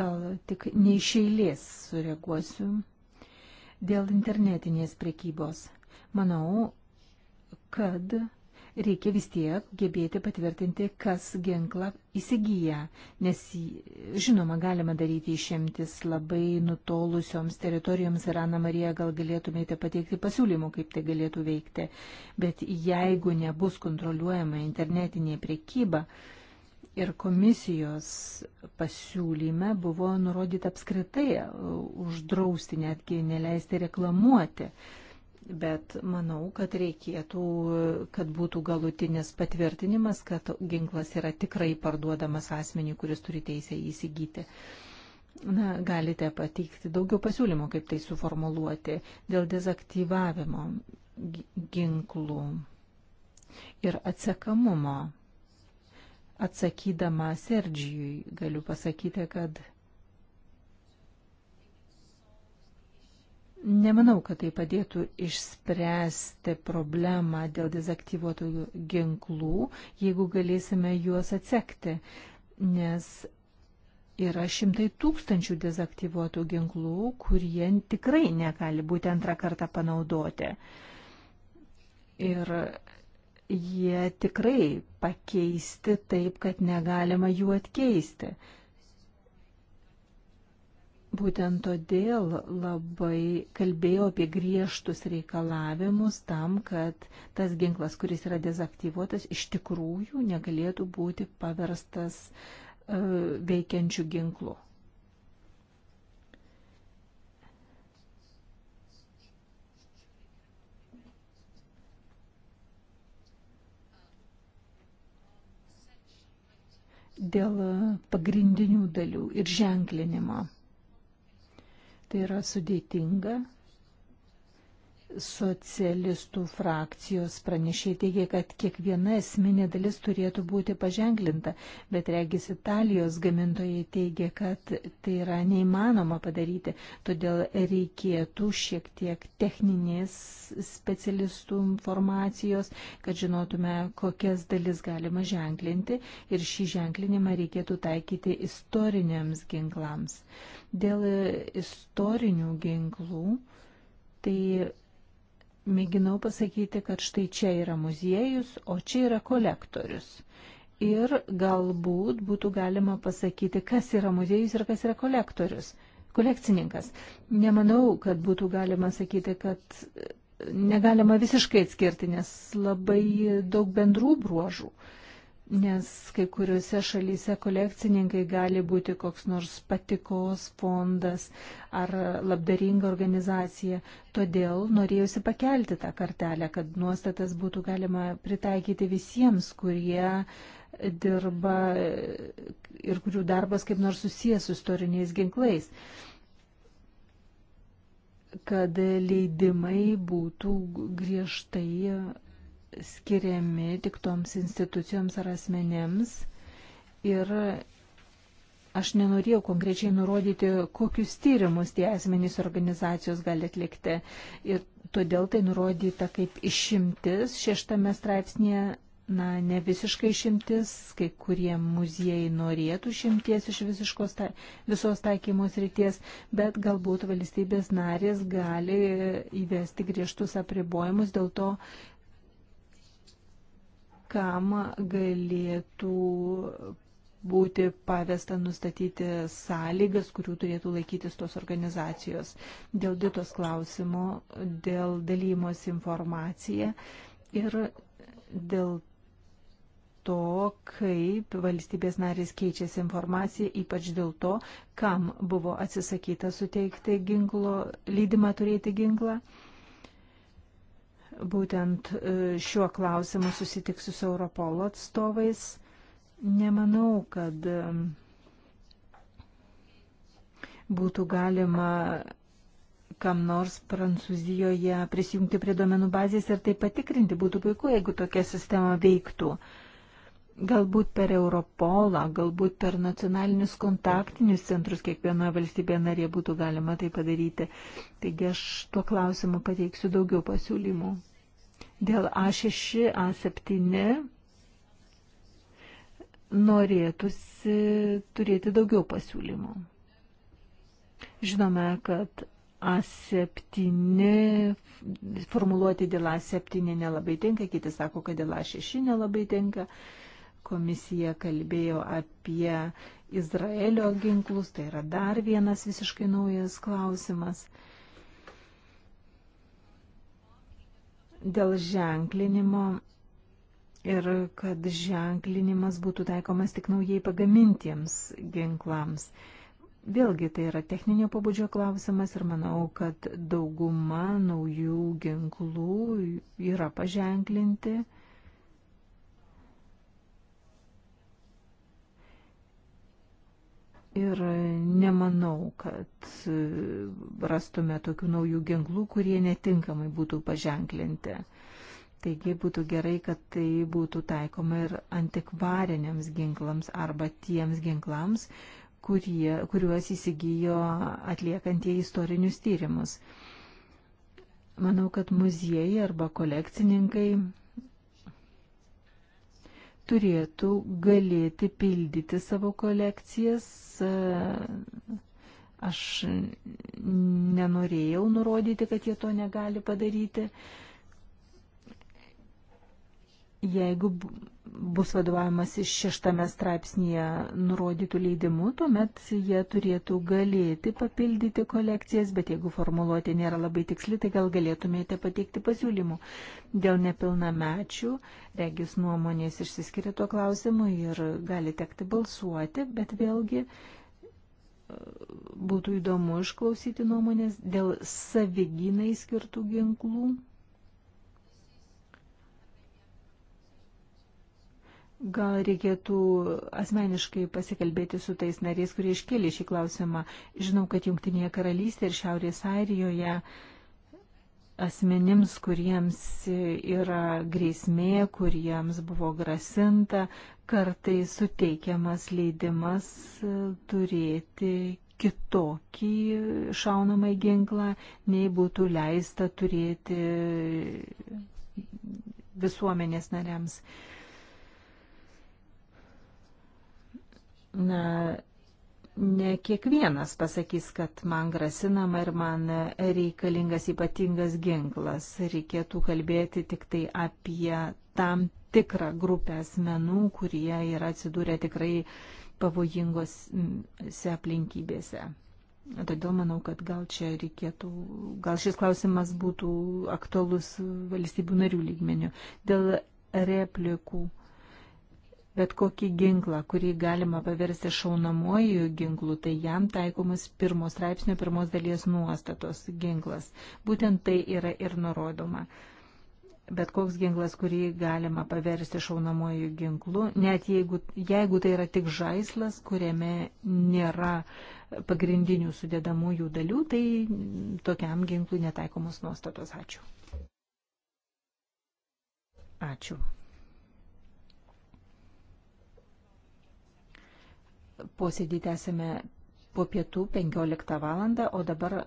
Gal tik neišeilės sureaguosiu dėl internetinės prekybos. Manau, kad reikia vis tiek gebėti patvirtinti, kas ginklą įsigyja, nes žinoma, galima daryti išimtis labai nutolusioms teritorijoms ir Ana Marija gal galėtumėte pateikti pasiūlymų, kaip tai galėtų veikti, bet jeigu nebus kontroliuojama internetinė priekyba, Ir komisijos pasiūlyme buvo nurodyta apskritai uždrausti, netgi neleisti reklamuoti uh, bet manau, kad reikėtų, kad būtų galutinis patvirtinimas, kad ginklas yra tikrai parduodamas asmeniui, kuris turi teisę įsigyti. Na, galite pateikti daugiau pasiūlymų, kaip tai suformuluoti dėl dezaktyvavimo ginklų ir atsekamumo. Atsakydama Sergijui galiu pasakyti, kad Nemanau, kad tai padėtų išspręsti problemą dėl dezaktyvuotų ginklų, jeigu galėsime juos atsekti, nes yra šimtai tūkstančių dezaktyvuotų ginklų, kurie tikrai negali būti antrą kartą panaudoti. Ir jie tikrai pakeisti taip, kad negalima jų atkeisti. Būtent todėl labai kalbėjau apie griežtus reikalavimus tam, kad tas ginklas, kuris yra dezaktyvuotas, iš tikrųjų negalėtų būti paverstas uh, e, veikiančių ginklų. Dėl pagrindinių dalių ir ženklinimo. Tai yra sudėtinga, Socialistų frakcijos pranešė teigia, kad kiekviena esminė dalis turėtų būti paženklinta, bet regis Italijos gamintojai teigia, kad tai yra neįmanoma padaryti, todėl reikėtų šiek tiek techninės specialistų informacijos, kad žinotume, kokias dalis galima ženklinti ir šį ženklinimą reikėtų taikyti istoriniams ginklams. Dėl istorinių ginklų tai mėginau pasakyti, kad štai čia yra muziejus, o čia yra kolektorius. Ir galbūt būtų galima pasakyti, kas yra muziejus ir kas yra kolektorius, kolekcininkas. Nemanau, kad būtų galima sakyti, kad e, negalima visiškai atskirti, nes labai daug bendrų bruožų. Uh, nes kai kuriuose šalyse kolekcininkai gali būti koks nors patikos fondas ar labdaringa organizacija. Todėl norėjusi pakelti tą kartelę, kad nuostatas būtų galima pritaikyti visiems, kurie dirba ir kurių darbas kaip nors susijęs su istoriniais ginklais kad leidimai būtų griežtai skiriami tik toms institucijoms ar asmenėms. Ir aš nenorėjau konkrečiai nurodyti, kokius tyrimus tie asmenys organizacijos gali atlikti. Ir todėl tai nurodyta kaip išimtis šeštame straipsnėje. Na, ne visiškai šimtis, kai kurie muziejai norėtų šimties iš visiškos, ta, visos taikymos ryties, bet galbūt valstybės narės gali įvesti griežtus apribojimus, dėl to kam galėtų būti pavesta nustatyti sąlygas, kurių turėtų laikytis tos organizacijos. Dėl ditos klausimo, dėl dalymos informacija ir dėl to, kaip valstybės narės keičiasi informacija, ypač dėl to, kam buvo atsisakyta suteikti ginklo, lydimą turėti ginklą būtent e, šiuo klausimu susitiksiu su Europolo atstovais. Nemanau, kad e, būtų galima kam nors Prancūzijoje prisijungti prie domenų bazės ir tai patikrinti. Būtų puiku, jeigu tokia sistema veiktų. Galbūt per Europolą, galbūt per nacionalinius kontaktinius centrus kiekvienoje valstybėje narėje būtų galima tai padaryti. Taigi aš tuo klausimu pateiksiu daugiau pasiūlymų dėl A6, A7 norėtųsi turėti daugiau pasiūlymų. Žinome, kad A7, formuluoti dėl A7 nelabai tinka, kiti sako, kad dėl A6 nelabai tinka. Komisija kalbėjo apie Izraelio ginklus, tai yra dar vienas visiškai naujas klausimas. dėl ženklinimo ir kad ženklinimas būtų taikomas tik naujai pagamintiems ginklams. Vėlgi tai yra techninio pobūdžio klausimas ir manau, kad dauguma naujų ginklų yra paženklinti Ir nemanau, kad e, rastume tokių naujų ginklų, kurie netinkamai būtų paženklinti. Taigi būtų gerai, kad tai būtų taikoma ir antikvariniams ginklams arba tiems ginklams, kurie, kuriuos įsigijo atliekantie istorinius tyrimus. Manau, kad muziejai arba kolekcininkai turėtų galėti pildyti savo kolekcijas. Aš nenorėjau nurodyti, kad jie to negali padaryti. Uh, jeigu bus vadovavimas iš šeštame straipsnėje nurodytų leidimų, tuomet jie turėtų galėti papildyti kolekcijas, bet jeigu formuluotė nėra labai tiksli, tai gal galėtumėte pateikti pasiūlymų. Dėl nepilnamečių, regis nuomonės išsiskiria tuo klausimu ir gali tekti balsuoti, bet vėlgi būtų įdomu išklausyti nuomonės dėl savigynai skirtų ginklų Gal reikėtų asmeniškai pasikalbėti su tais nariais, kurie iškėlė šį klausimą. Žinau, kad Junktinėje karalystėje ir Šiaurės Airijoje asmenims, kuriems yra grėsmė, kuriems buvo grasinta, kartai suteikiamas leidimas turėti kitokį šaunamą ginklą, nei būtų leista turėti visuomenės nariams. Uh, na, ne kiekvienas pasakys, kad man grasinama ir man reikalingas ypatingas ginklas. Reikėtų kalbėti tik tai apie tam tikrą grupę asmenų, kurie yra atsidūrę tikrai pavojingose aplinkybėse. Todėl manau, kad gal čia reikėtų, gal šis klausimas būtų aktualus valstybių narių lygmenių. Dėl replikų bet kokį ginklą, kurį galima paversti šaunamuoju ginklu, tai jam taikomas pirmos straipsnio pirmos dalies nuostatos ginklas. Būtent tai yra ir nurodoma. Bet koks ginklas, kurį galima paversti šaunamuoju ginklu, net jeigu, jeigu tai yra tik žaislas, kuriame nėra pagrindinių sudėdamųjų dalių, tai tokiam ginklui netaikomos nuostatos. Ačiū. Ačiū. Posėdį tęsime po pietų 15 val. o dabar